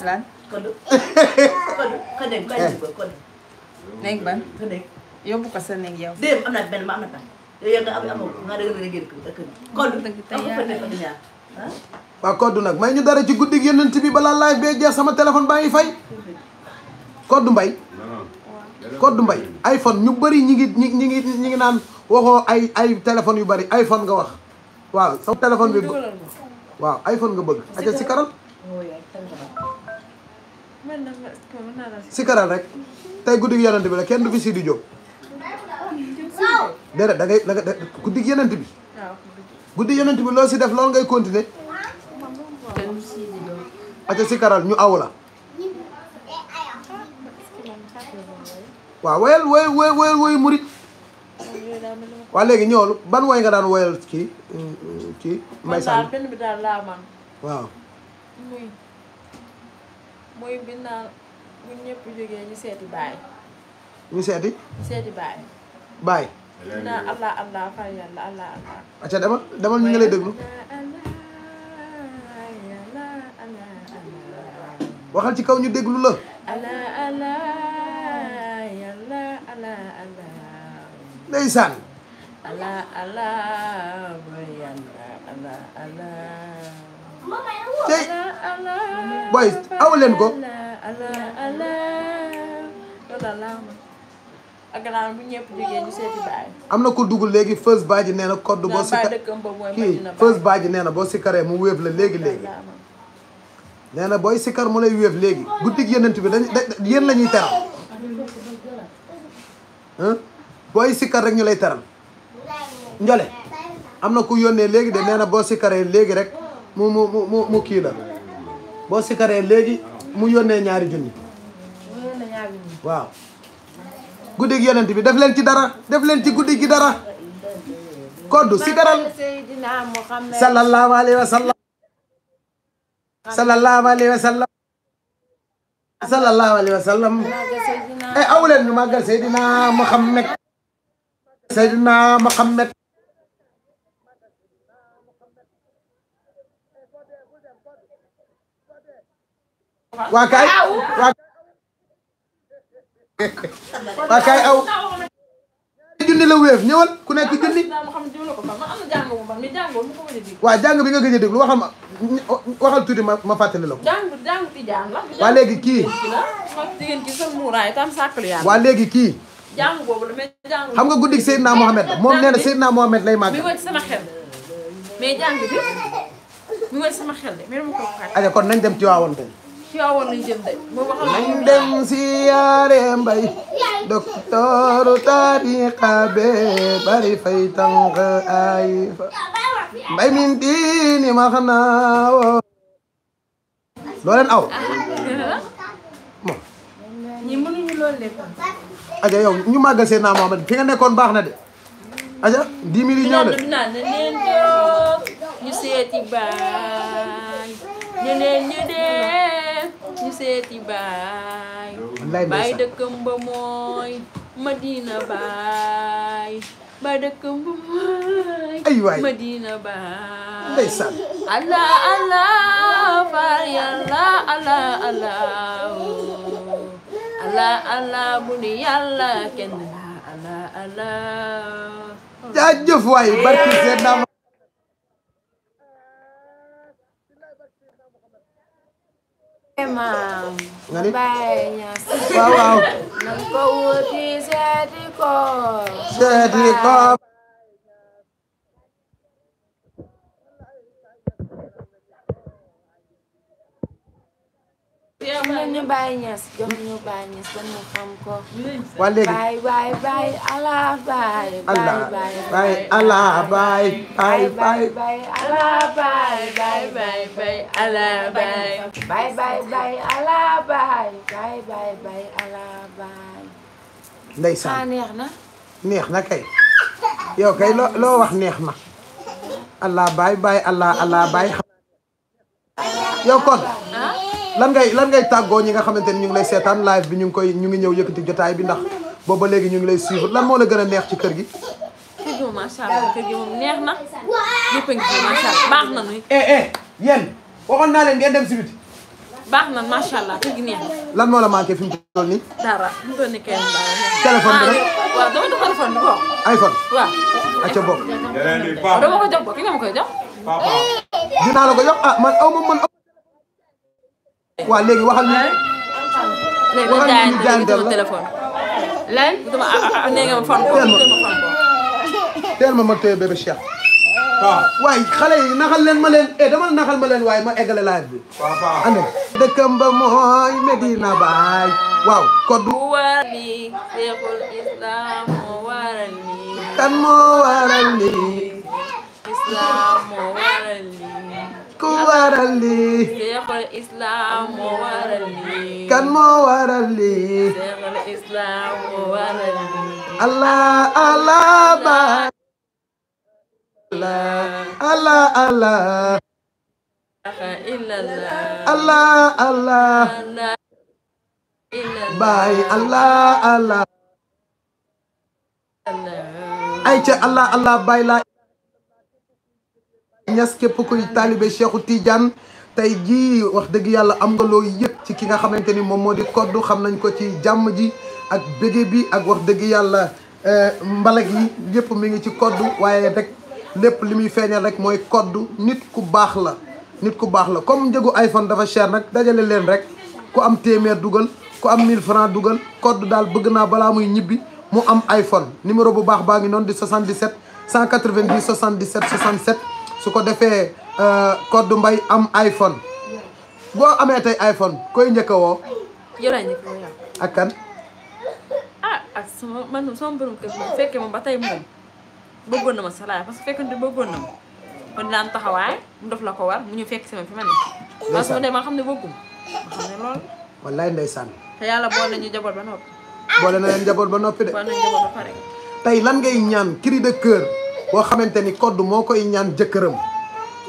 lan code code code néeg ban yóbbu ko sa néeg yow dem amna ben ma amna tan yow nga am amoo nga dëgg na génn kër code ba code nak may ñu dara ci guddig yonent bi bala live be sama téléphone baa ngi fay code mbay code mbay iphone ñu bari ñi ngi ñi ngi ñi ngi naan waxo ay ay telephone yu bari iphone nga wax waaw sa telephone bi waaw iphone nga bëgg aja si karal si karal rek tay guddig yonent bi la kenn du fi si di jóg déedéet da ngay guddig yonent bi guddig yonent bi lo ci def ngay continuer aja si karal ñu waaw woyal woy woy woyal woyu murit waaw léegi ñëwal ban woy nga daan woyal kii kii may sànni benn bi daal laa man waaw muy muy bi naan bu ñëpp jógee ñu seeti baay ñu seeti seeti baay baay naa allah allah fay yàlla allah allah acca demal demal ñu ngi lay déglu waxal ci kaw ñu déglu la ala ala ndeysaan ala booy yàlla leen ko ala ala ak am na ko dugg léegi first baaji nee na code boo si kii first baaji nee na boo sikaree mu wéef la léegi léegi nee na booy sikar mu lay wéef léegi guddig yenent bi dañ yéen la ñuy teral booy sikkar rek ñu lay teral njole am na ku yónnee léegi de nee na boo sikkaree léegi rek mu mu mu kii la boo sikkaree léegi mu yónnee ñaari junni waaw guddi gi yonent bi def leen ci dara def leen ci guddi gi dara koddu sikkaral sallallahu alayhi wa sallam sallallahu alayhi wa sallam sallallahu alayhi wa sallam e aw leen Seydina Mohamed waa kay waa kay aw junni la wéef ñëwal ku nekk waa jàng bi nga gëj a déglu waxal ma waxal tuuti ma ma fàttali la ko waa léegi kii waa léegi kii jaamu boobu la mais jaamu xam nga guddik Seydina Mohamed la moom nee na Seydina Mohamed lay màgg. mi ngi sama xel mais jàng bi mi ngi sama xel de mais dama ko waxaat. allez kon nañ dem Tivaouane tey. Tivaouane lañ jëm de. boo waxoon nañ dem siyaare mbay docteur tariqa be bari fay tànk ay fa mbay min diini ma xanaa woo. doo leen aw. Ah. ñi mënuñu loolu de Adja yow ñu màggal Seydina Mohamed fi nga nekkoon baax na de Adja 10 000 yi ñëw de naan leen toog ñu seeti baay ñeneen ñu dem ñu seeti baay baay dëkkam ba mooy Madina baay baay dëkkam ba mooy ay waay Madina baay ndeysaan allah allah baay allah allah allah allah allah mu ni yàlla kenn la allah allah. jaajëf waay barki seen naa ma. maam. nga ni Baye Niass. waaw waaw. na nga ko wuti seeti ko. seeti ko. ñu Bye bye bye ñu bye Bye bye bye xam bye Bye bye bye bàyyi bye Bye bye bye bàyyi bye Bye bye bye bàyyi bye bàyyi bàyyi bàyyi bàyyi ala bàyyi. bàyyi bàyyi bàyyi ala bàyyi bàyyi bàyyi bàyyi ala bàyyi. ndeysaan neex na. neex na kay yow kay loo loo wax neex na. ala bye bye ala ala bye yow kon. lan ngay lan ngay tàggoo ñi nga xamante ni ñu ngi lay seetaan live bi ñu ngi koy ñu ngi ñëw yëkkati jotaay bi ndax booba léegi ñu ngi lay suivre lan moo la gën a neex ci kër gi kër gi moom macha allah kër gi moom neex na a ngi fi macha baax na nuy eh eh yéen waxoon naa leen ngeen dem si biti baax na macha allah kër gi neex na lan moo la manqué fi mu toll nii dara fi mu toll nii téléphone bi la ah, waaw dama jox téléphone bi bokk iPhone waaw acca bokk dama ko jox bokk ki koy jox dinaa la ko jox ah man aw man waa léegi waxal ñu. waxal ñu ñu jaantal la téléphone. lan dama ah, ah, ah, nee nga ma fan xale yi naxal leen ma leen eh dama naxal ma leen waay ma eggale live bi. waaw waaw ànd mooy Medina Baay waaw koddu waral lii Seexul Islaam moo waral lii. ku waral lii seexul islaam moo waral lii kan moo waral lii seexul islaam moo waral lii allah allah baay allah allah allah allah baay allah allah ay ca allah allah baay laa ñas képp kuy taalibe Cheikhou Tidiane tey jii wax dëgg yàlla am nga loo yëg ci ki nga xamante ni moom moo di koddu xam nañ ko ci jàmm ji ak bége bi ak wax dëgg yàlla eh, mbalag yi yëpp mi ngi ci koddu waaye rek lépp li muy feeñal rek mooy koddu nit ku baax la nit ku baax la comme njëgu iPhone dafa cher nag dajale leen rek ku am téeméer dugal ku am 1000 francs dugal koddu daal bëgg naa bala muy ñibbi mu am iPhone numéro bu baax baa ngi noonu di 77 190 77 su ko defee euh, Codou Mbaye am iPhone boo amee tey iPhone koy njëkk a woo. ak ah ak sama man sama borom kër fekkee moom ba tey moom bëggoon na ma salaay parce que fekkente bëggoon na ma kon daan taxawaay mu def la ko war mu ñu fekk sama fi ma nekk. ma ne ma xam ne bëggum ma xam ne lool. wallaay ndeysaan. te yàlla boole ñu jaboot ba noppi. ba de. boole na leen ba pare. tey lan ngay ñaan kiri de cœur. boo xamante ni code moo koy ñaan jëkkëram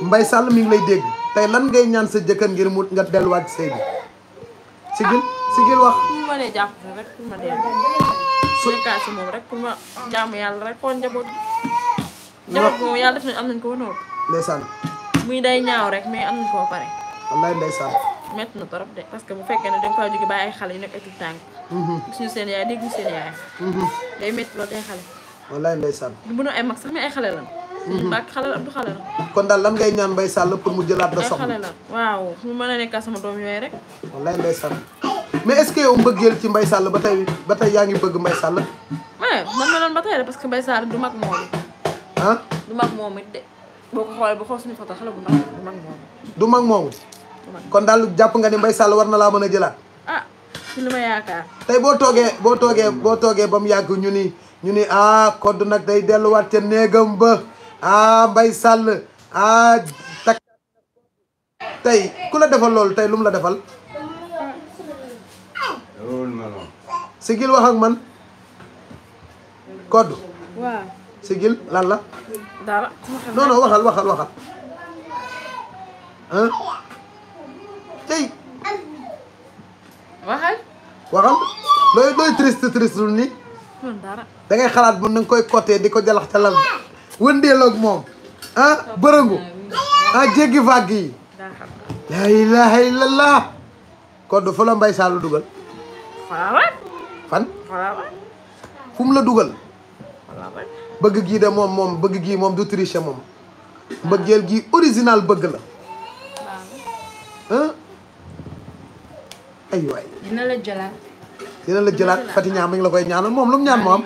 mbay Sall mi lay dégg tey lan ngay ñaan sa jëkkër ngir mu nga delluwaat sëy bi sigil sigil wax. pour ma dee jàpp su nekkaay moom rek pour ma yàlla rek koo njaboot. njaboot moom yàlla nañ am nañ ko woon ndeysaan muy day ñaaw rek mais am nañ koo pare. wallaay ndeysaan. métti na trop de parce que bu fekkee ne da nga faa jóge bàyyi ay xale yu nekk ay tout tànk. Mhm. gis ñu seen yaay dégg ñu seen yaay. Mhm. day métti loolu day xale. wallaay Mbaye Sall. bu nu ay mag sax mais ay xale lan. mbaa mhm. xale la du xale la. kon daal lan ngay ñaan Mbaye Sall pour mu jëlaat la soxla. ay xale la waaw mu mën a nekk sama doom yooyu rek. wallaay Mbaye Sall mais est-ce que yow mbëggeel ci Mbaye Sall ba tey ba tey yaa ngi bëgg Mbaye Sall. waaw man ma doon ba tey rek parce que Mbaye Sall du mag moom it. ah du mag moom it de boo ko xoolee ba xool suñu photo xale bu mag du mag moom. du mag moom kon daal jàpp nga ni Mbaye Sall war na laa mën a jëlaat. ci tey boo toogee boo toogee boo toogee ba mu yàgg ñu ni ñu ni ah Codou nag day delluwaat ca néegam ba ah Mbaye Sall ah tak tey ku la defal loolu tey lu mu la defal. sigil wax ak man Codou. waaw sigil lan la. dara waxal waxal waxal. tey. waxal looy looy triste triste lu ni da ngay xalaat ba na koy côté di ko jalax ca lal wëndeeloog moom ah bërëngu ah jéggi vague yi la ilaha illallah kon du fa mbay dugal fan fu mu la dugal bëgg gii de mom mom, bëgg gii moom du tricher moom mbëggeel original bëgg la dina la jëlaat. dina la jëlaat Faty Niang mi ngi la koy ñaanal moom lu mu ñaan moo am.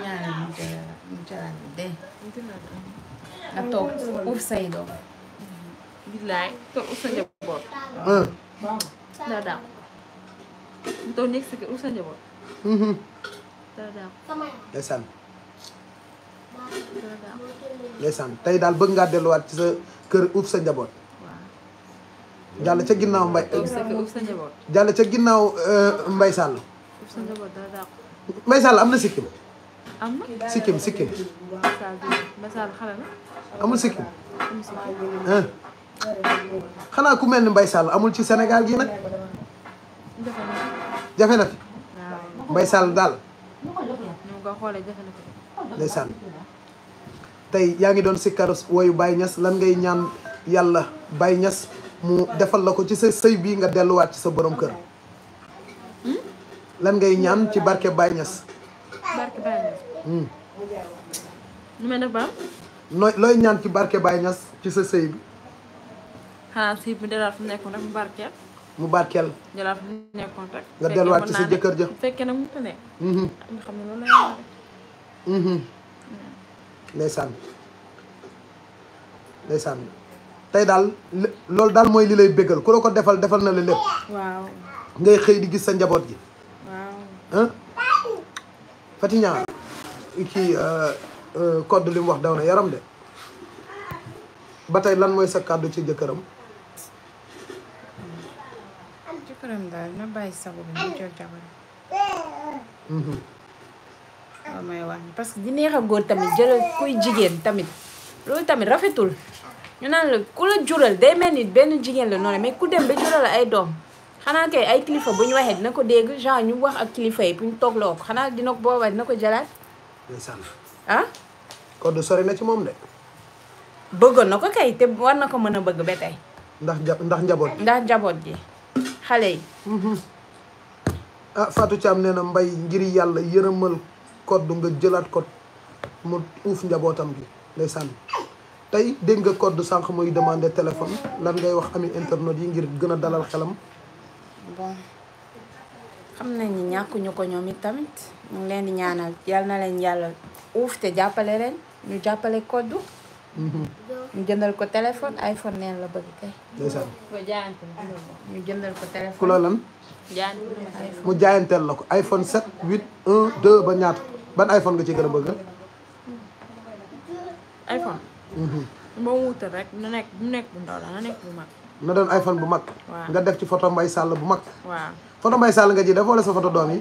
nga doom. bilaay toog uuf sa njaboot. uuf sa njaboot. dara daaw. tey daal bëgg ngaa delluwaat ci sa kër uuf sa njaboot. jàll ca ginnaaw mbay. jàll ca ginnaaw mbay sàll. mbay sàll am na sikkim. am na sikkim sikkim. amul sikkim. xanaa ku mel ni mbay sàll amul ci senegal gi nag. jafe na fi. mbay sàll daal. ndeysaan tey yaa ngi doon sikkaru woyu Baye Niass lan ngay ñaan yàlla Baye Niass. mu defal lako ci sey sey bi nga delu wat ci sa borom kër lan ngay ñaan ci barke Baye Niass barke Baye Niass nu hmm. ma def ba loy ñaan ci barke Baye Niass ci sa sey bi ha sëy bi dara fu nekk nak mu barkeel mu barkel dara fu nekk rek nga delu wat ci sa jëkër jëf fekke nak mu ta nekk hmm hmm nga lo lay hmm hmm ndeysaan ndeysaan tey daal loolu daal mooy li lay béggal ku la ko defal defal na la lépp. waaw ngay xëy di gis sa njaboot gi. waaw ah. Fatigna kii euh, euh, code wax daw yaram de ba tey lan mooy sa ci jëkkëram. jëkkëram daal na bàyyi sago mhm. parce que di neex a góor tamit jëlal kuy jigéen tamit loolu tamit rafetul. ñu naan la ku la jural day mel nit benn jigéen la noonu mais ku dem ba jural ay doom xanaa kay ay kilifa bu ñu waxee dina ko dégg genre ñu wax ak kilifa yi pour ñu toogloo ko xanaa dina ko boobaa dina ko jëlaat. ndeysaan. Ah? sori na ci moom de. bëggoon na ko kay te na ko mën a bëgg ba tey. ndax ja ndax njaboot gi. ndax gi xale yi. Mhm. ah Fatou Thiam nee mbay ngir yàlla yërëmal Codou nga jëlaat ko mu uuf njabootam lay ndeysaan. tey dégg nga code sànq muy demandé téléphone lan ngay wax ami internet yi ngir gën a dalal xelam. bon xam nañ ni ñàkkuñu ko ñoom it tamit mu ngi leen ñaanal yal na leen yàlla uuf te jàppale leen ñu jàppale code. Mhm. ñu jëndal ko téléphone iPhone neen la bëgg kay. jëndal ko téléphone. ku la lan. mu jaayanteel la ko iPhone 7 8 1 ba ñaata ban iPhone nga ci gën a bëgg. iPhone. ma mm-hmm. wuutal rek na nekk bu nekk bu ndaw la na nekk bu mag. na nga def ci photo mbay sàll bu mag. waaw photo Mbaye nga ji def wala sa photo doom yi.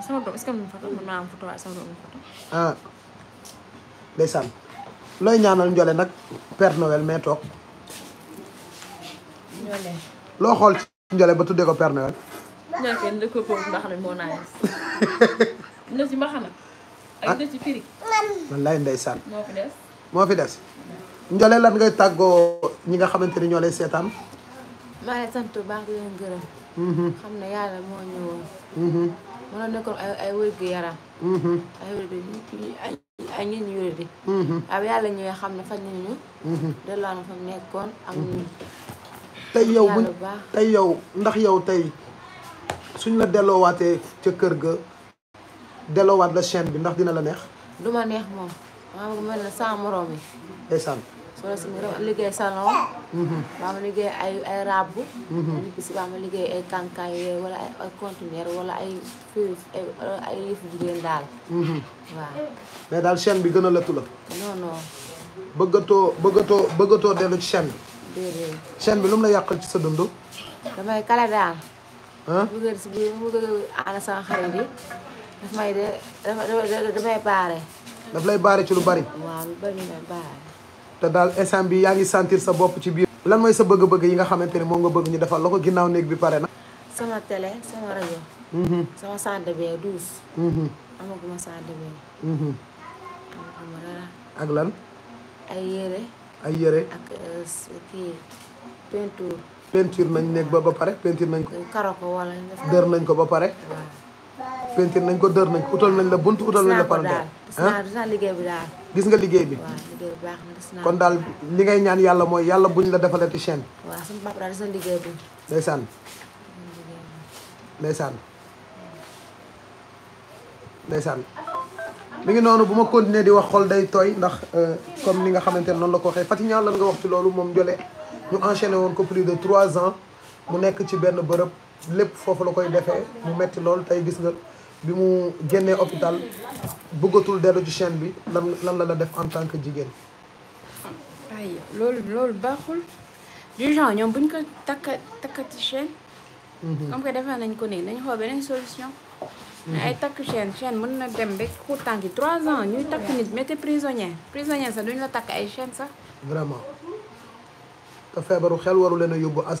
sama doom ah. looy ñaanal Ndiolé nag Père Noël toog. loo xool ci Ndiolé ba tuddee ko Père Noël. ñoo kenn moo fi des Ndiolé lan ngay tàggoo ñi nga xamante ni ñoo lay seetaan. maa sant bu baax di leen gërëm. Mm-hmm. xam ne yàlla moo ñëwoon. mënoon mm-hmm. nekkoon ay ay wér gu yaram. Mm-hmm. ay wér gu ay ay yàlla ñëwee xam ne fan ñu ñu. delloo na nekkoon ak tey yow bu yow ndax yow tey suñ la delloowaatee ca kër ga delloowaat la chaîne bi ndax dina la neex. du neex moom. maa ngi mel ne sans morom yi. ndeysaan. liggéey salon. maa ma liggéey ay ay raabu. ma liggéey ay kànkaay wala ay conteneur wala ay fii ay daal. Mhm. waaw. mais daal chaîne bi gën a lëttu la. non non. bëggatoo bëggatoo bëggatoo dellu ci bi. bi lu mu la yàqal ci sa dund. damay kale daal. bu gën si biir bu gën a ànd sama bi daf may de damay baare. daf lay baare ci lu bari. te daal instant bi yaa ngi sentir sa bopp ci biir. lan mooy sa bëgg-bëgg yi nga xamante ni moom nga bëgg ñu defal la ko ginnaaw néeg bi pare na. sama télé sama rajo. Mm-hmm. sama centre bee mm-hmm. mm-hmm. ak lan. ay yére. ak euh, kii peinture. nañ néeg ba ba pare peinture nañ ko. karo ko dër nañ ko ba pare. peinture nañ ko dër nañ ko utal nañ la bunt utal nañ la palanteer gis nga liggéey bi kon daal li ngay ñaan yàlla mooy yàlla buñ la defalati chaîne waaw sama papa daal gis na liggéey bi ndeysaan ndeysaan ndeysaan mi noonu bu ma continuer di wax xol day tooy ndax euh, comme ni nga xamante ne noonu la ko waxee Faty Niang lan nga wax ci loolu moom Ndiolé ñu enchaîné woon ko plus de trois ans mu nekk ci benn bërëb lépp fofu la koy defee mu metti lool tay gis nga bi mu génnee hôpital bëggatul dellu ci chaîne bi lan lan la la def en tant que jigéen. ay lool lool baxul du genre ñoom buñ ko takka takkati chaîne. comme que défé nañ ko né nañ xool beneen solution. Mhm. ay takk chaîne chaîne mën na dem ba pour tànk 3 ans ñuy takk nit metti prisonnier prisonnier sa duñ la takk ay chaîne sa vraiment te feebaru xel waru leena yobbu as.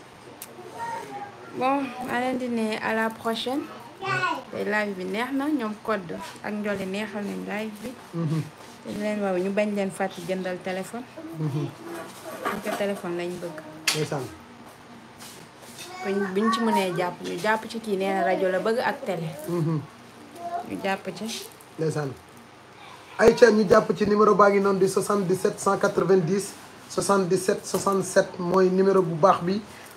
bon allez dîner à la prochaine et là bi neex na ñoom code ak njole neexal nañ live bi dañ leen waaw ñu bañ leen fàtte jëndal téléphone ñu ko téléphone lañ bëgg biñ ci mënee jàpp ñu jàpp ci kii nee na rajo la bëgg ak télé mhm. ñu jàpp ci ndeysaan Aïcha ñu jàpp ci numéro baa non di 77 190 77 67 mooy numéro bu baax bi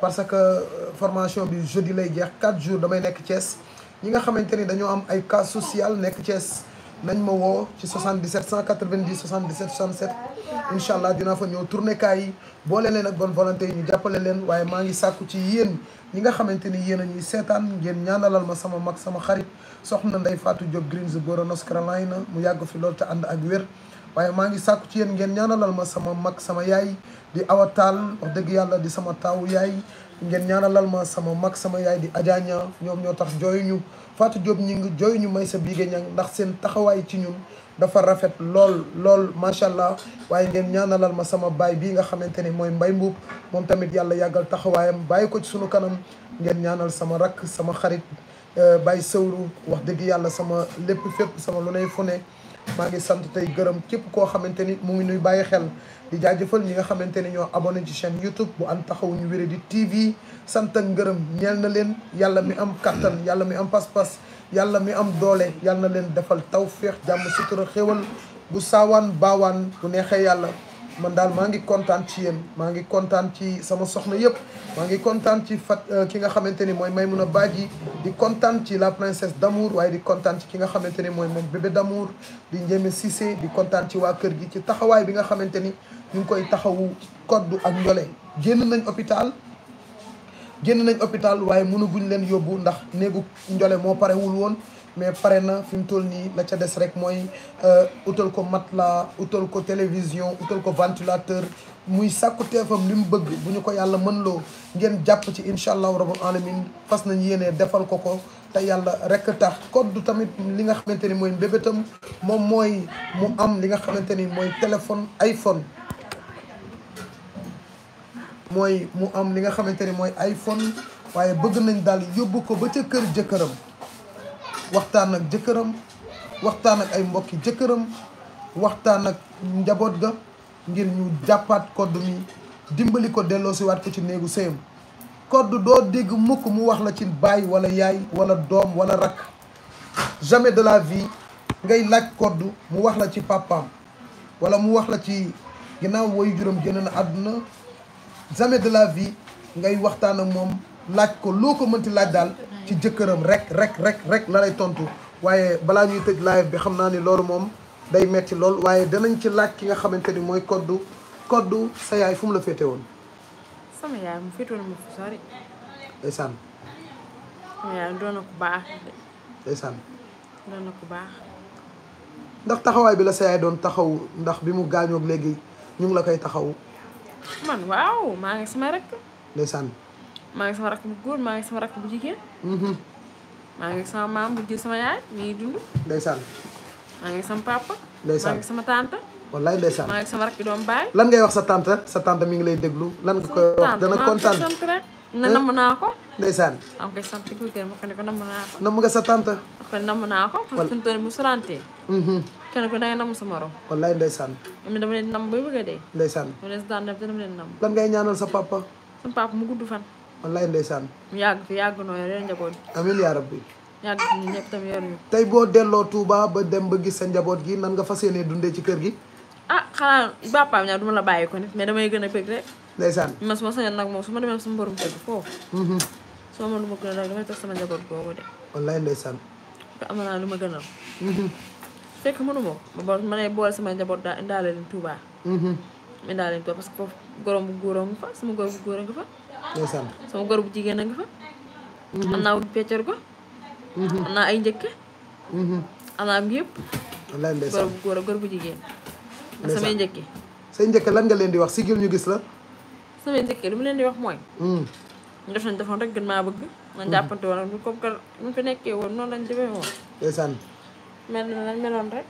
parce que euh, formation bi jeudi lay jeex 4 jours damay nekk Thiès ñi nga xamante ni dañoo am ay cas social nekk cees nañ ma woo ci 77 190 77 67 incha allah dinaa fa ñëw tourné kaay yi boole leen ak bonne volonté yi ñu jàppale leen waaye maa ngi sàkku ci yéen ñi nga xamante ni yéen a ñuy seetaan ngeen ñaanalal ma sama mag sama xarit soxna Ndeye Fatou Diop Greensboro North Carolina mu yàgg fi lool te ànd ak wér waaye maa ngi sàkku ci yéen ngeen ñaanalal ma sama mag sama yaay di awataal wax dëgg yàlla di sama taaw yaay ngeen ñaanalal ma sama mag sama yaay di ajaaña ñoom ñoo tax jooyuñu Fatou Diop ñi jooy ñu may sa biige ñang ndax seen taxawaay ci ñun dafa rafet lool lool macha allah waaye ngeen ñaanalal ma sama baay bii nga xamante ni mooy mbay mbuub moom tamit yàlla yàggal taxawaayam bàyyi ko ci sunu kanam ngeen ñaanal sama rakk sama xarit euh, bàyyi sëwru wax dëgg yàlla sama lépp fépp sama lu nay fu ne maa ngi sant tey gërëm képp koo xamante ni mu ngi nuy bàyyi xel di jaajëfal ñi nga xamante ne ñoo abonné ci chaîne YouTube bu Ande Taxawuñu Wéradi TV sant ak ngërëm ñeel na leen yàlla mi am kattan yàlla mi am pas-pas yàlla mi am doole yàlla na leen defal tawféex jàmm sutura xéwal bu saawaan baawaan bu neexee yàlla man daal maa ngi kontaan ci yéen maa ngi kontaan ci sama soxna yëpp maa ngi kontaan ci fat euh, ki nga xamante ni mooy Maymuna Badji di kontaan ci la princesse d'amour waaye di kontaan ci ki nga xamante ni mooy moom bébé d'amour di Ndiémé Cissé di kontaan ci waa kër gi ci taxawaay bi nga xamante ni ñu ngi koy taxawu koddu ak njole génn nañ hôpital génn nañ hôpital waaye mënaguñ leen yóbbu ndax néegu njole moo parewul woon mais pare na fi mu toll nii la ca des rek mooy euh, utal ko matelas utal ko télévision utal ko ventilateur muy sàkku teefam li mu bëgg bu ñu ko yàlla mën loo ngeen jàpp ci incha allahu rabbul alamin fas nañ yéenee defal ko ko te yàlla rek tax koddu tamit li nga xamante ni mooy mbébétam moom mooy mu am li nga xamante ni mooy téléphone iPhone mooy mu am li nga xamante ni mooy iPhone waaye bëgg nañ daal yóbbu ko ba ca kër jëkkëram waxtaan ak jëkkëram waxtaan ak ay mbokki jëkkëram waxtaan ak njaboot ga ngir ñu jàppaat kodd mi dimbali ko delloosiwaat ko ci néegu sëyam kodd doo dégg mukk mu wax la ci baay wala yaay wala doom wala rakk jamais de la vie ngay laaj kodd mu wax la ci papaam wala mu wax la ci ginnaaw woyu juróom génn na àdduna jamais de la vie ngay waxtaan ak moom laaj ko loo ko mënti laaj daal ci jëkkëram rek rek rek rek la lay tontu waaye balaa ñuy tëj live bi xam naa ni loolu moom day metti lool waaye danañ ci laaj ki nga xamante ni mooy koddu koddu sa yaay fu mu la féete woon. sama yaay mu féete woon mu fu doon na ku baax de. doon na ku baax. ndax taxawaay bi la sa yaay doon taxaw ndax bi mu gaañoo léegi ñu ngi la koy taxaw. man waaw maa ngi sama rakk. ndeysaan. maa ngi sa rakk bu góor maa ngi sama rakk bu jigéen. Mhm. maa ngi sa maam bu jël sama yaay mi ngi dund. ndeysaan. maa ngi sama papa. ndeysaan maa ngi sama tante. wallaay ndeysaan maa ngi sama rakk doom baay. lan ngay wax sa tante sa tante mi ngi lay déglu lan nga ko wax dana kontaan na namm naa ko. ndeysaan. am koy sant ko gërëm ma ko ne ko namm naa ko. namm nga sa tante. ma naa ko parce que kenn ku ne nam sa morom. wallaay ndeysaan. man dama leen nam bay bëgg a dee. ndeysaan mu des daan def dama leen nam. lan ngay ñaanal sa papa. sa papa mu gudd fan. wallaay ndeysaan. mu yàgg fi yàgg noo yore ya, njaboot. amiin yaa rabbi. yàgg fi ñun ñëpp tam yor ñu. tey boo delloo Touba ba dem ba gis sa njaboot gi nan nga fas yéenee ci kër gi. ah xanaa papa ñaar du ma la bàyyi ko nit mais damay gën a bëgg rek. ndeysaan ma su ma sañoon nag moom su ma demee sama borom kër gi foofu. su ma mën lu ma gën a sama njaboot boobu de. wallaay ndeysaan. te am naa lu ma fekk mënu ma ba ma boole sama njaboot daal indaale leen Touba. Mhm. indaale leen Touba parce que foofu gorom bu góor a nga fa sama góor a nga fa. ndeysaan bu jigéen a nga fa. Mhm. am naa wuñ peccor ko. Mhm. am naa ay njëkk. am naa am yëpp. wallaay ndeysaan góor bu góor a góor bu jigéen. samay njëkk. say njëkk lan nga leen di wax sigil ñu gis la. samay njëkk li mu leen di wax mooy. ñu def nañ defoon rek gën maa bëgg. nañ jàppante woon ak ñu comme que ñu fi nekkee woon noonu lañ demee woon. ndeysaan. melon meloon rek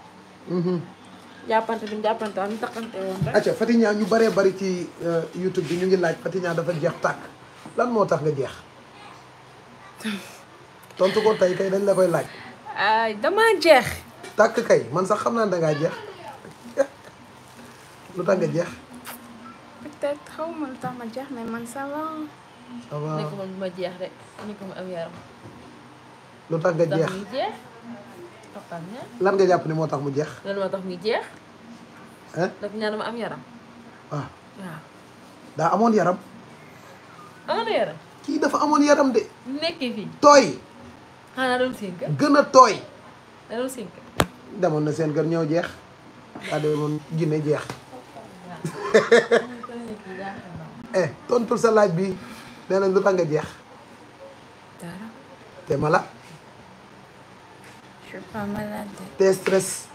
jàppante bi ñu jàppante woon takkante woon rek acca Fatigna ñu ci eh, YouTube bi ñu ngi laaj Fatigna dafa jeex tàkk lan moo tax nga jeex tontu ko tey kay dañ la koy laaj ay damaa jeex tàkk kay man sax xam naa dangaa jeex lu tax nga jeex peut-être xaw ma lu tax ma jeex mais man ça va ça va nekkuma ma jeex rek nekkuma am yaram lu tax nga jeex toppatna lan nga jàpp ne moo mu jeex lan moo tax muy jeex eh? daf ñaan ma am yaram waaw ah. ya. waaw daa amoon yaram amoon yaram Ki dafa amoon yaram de nekkee fii tooy xanaa doon sink gën a tooy da doon sink demoon na seen kër ñëw jeex daa demoon jinne jeex eh tontul sa laaj bi nee nañ lu tax nga jeex te mala Pas malade. T'es stress.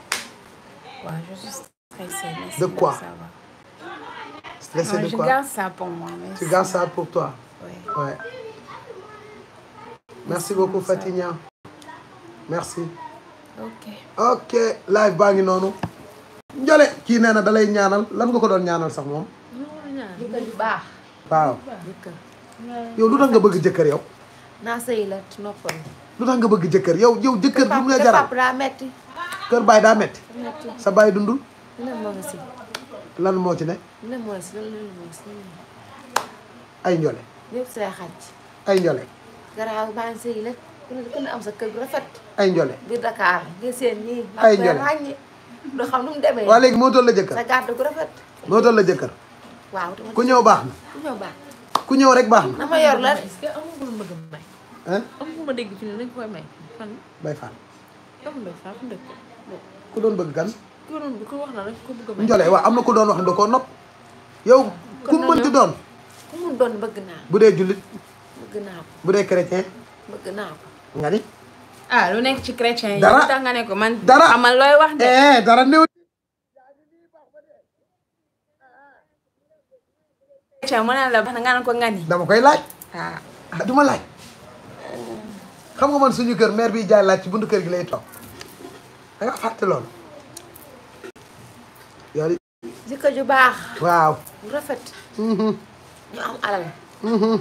Ouais, je suis stressée. De quoi Stressée de je quoi Je garde ça pour moi. Merci. Tu gardes ça pour toi Oui. Ouais. Merci beaucoup, Fatigna. Merci. ok. ok live baa ngi noonu. qui kii nee na da lay ñaanal lan nga ko doon ñaanal sax moom. jëkkër ju baax. waaw. yow lu tax nga bëgg jëkkër yow. Na sey la noppal. lu tax nga bëgg jëkkër yow yow jëkkër du mu la jaral kër baay daa metti sa baay dundul lan moo ci ne ay njole ay njole garaaw baa ngi sëy sa kër rafet ay njole biir Dakar ngeen seen nii ay njole doo nu mu demee waa léegi moo toll la jëkkër sa gàdd gu rafet moo toll la jëkkër waaw ku ñëw baax na ku ñëw rek baax na dama yor ah am ma dégg fi bay faal. ku doon bëgg gan. ku doon wax am na ku doon wax da koo nopp. ku mu doon. bëgg naa bu dee jullit. bu dee chrétien. nga ni. ah lu nekk ci chrétien yi. dara tax nga ne ko man. dara xamal looy wax de. Eh, eh, dara néew. chrétien mu ne la ba nga ne nga ni. dama koy laaj. ah, ah du ma laaj. xam nga suñu kër maire bi jaay laaj ci buntu kër gi lay toog da fàtte loolu. yàlla. ju baax. waaw rafet. ñu mm-hmm. am alal. Mm-hmm.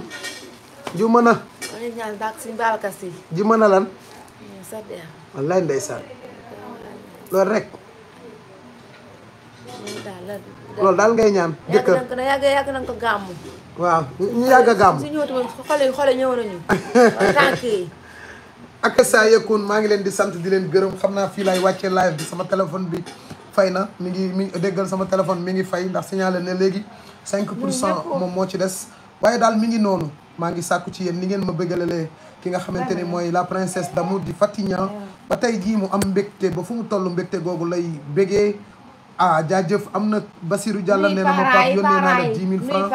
ju mën a. ñu ñaan daak suñu Babacar Sy. ji mën a lan. Mm, wallaay ndeysaan rek. loolu daal ngay ñaan. jëkkër yàgg na ko yàgg na ko gàmmu. waaw ñu yàgg a gàmmu. su ñëwati woon yi xale ñëw nañu. tànk yi. ak saa yëkkoon maa ngi leen di sant di leen gërëm xam naa fii lay wàccee live bi sama téléphone bi fay na mi ngi mi déggal sama téléphone mi ngi fay ndax signalé ne léegi 5 pour cent moom moo ci des waaye daal mi ngi noonu maa ngi sàkku ci yéen ni ngeen ma bëggalalee ki nga xamante ni mooy la princesse d'amour di Fatignan ba tey jii mu am mbégte ba fu mu toll mbégte googu lay bégee ah jaajëf am na Basirou Diallo nee na ma pap yónnee naa la 10 000 francs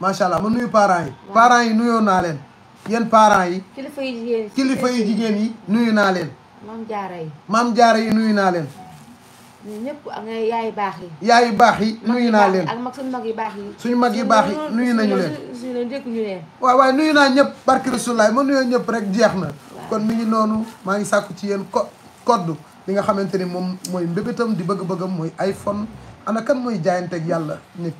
macha allah ma nuyu yi parents yi nuyoo naa leen yéen parents yi. kilifa yi kilifa yu jigéen yi nuyu naa leen. maam jaara yi. maam jaara yi nuyu naa leen. ñun ñëpp ak yaay baax yi. yaay baax yi nuyu naa leen ak mag suñu mag yu baax yi. suñu mag yu baax yi nuyu nañu leen suñu leen dégg waaw waaye nuyu naa ñëpp barki rasulaay ma nuyoo ñëpp rek jeex na. kon mi ngi noonu maa ngi sàkku ci yéen ko koddu li nga xamante ni moom mooy mbébétam di bëgg-bëggam mooy iPhone ana kan mooy jaayanteeg yàlla nit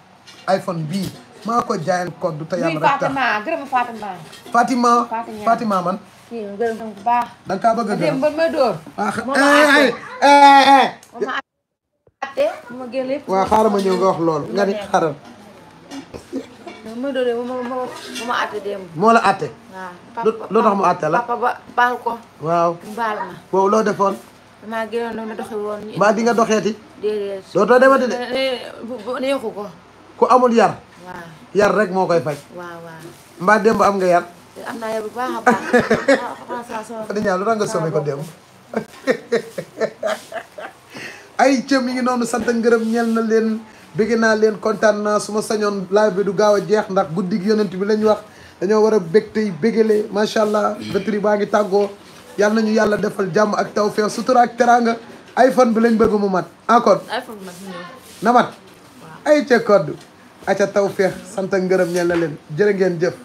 iPhone bii. mako maa ko du tayam yàlla rek fatima gërem Fatima Fatima Fatima man kii gërëm bu baax da nga bëgg dem ba ma dóor ma génn lépp waaw xaaral ma ñu nga wax lool nga ni xaaral ma doole ma atte dem mo la wa lo tax mu atte la papa ba baal ko waaw bal ma bo lo defoon ma maa no ma doxé won mbaa di nga doxé ti doxeeti do to demati dé neexu ko ku amul yar yar rek mo koy fajj waaw waaw. mba démb am nga yar. am naa yar bu baax a baax. lu tax nga soobee ko démb. ay cëm mi ngi nonu sant ngeureum ñel na leen bëgg na leen contane na suma sañon live bi du gaaw jeex ndax guddig yonent bi lañ wax dañoo wara a bëgg tey bëggale macha allah batterie baangi taggo yalla ñu yalla defal jamm ak tawfiq sutura ak teranga iPhone bi lañ bëgg mu mat encore. iPhone bi mat na mat. ay ci code. aca taw feex sant ak ngërëm ñeel na leen jërë ngeen jëf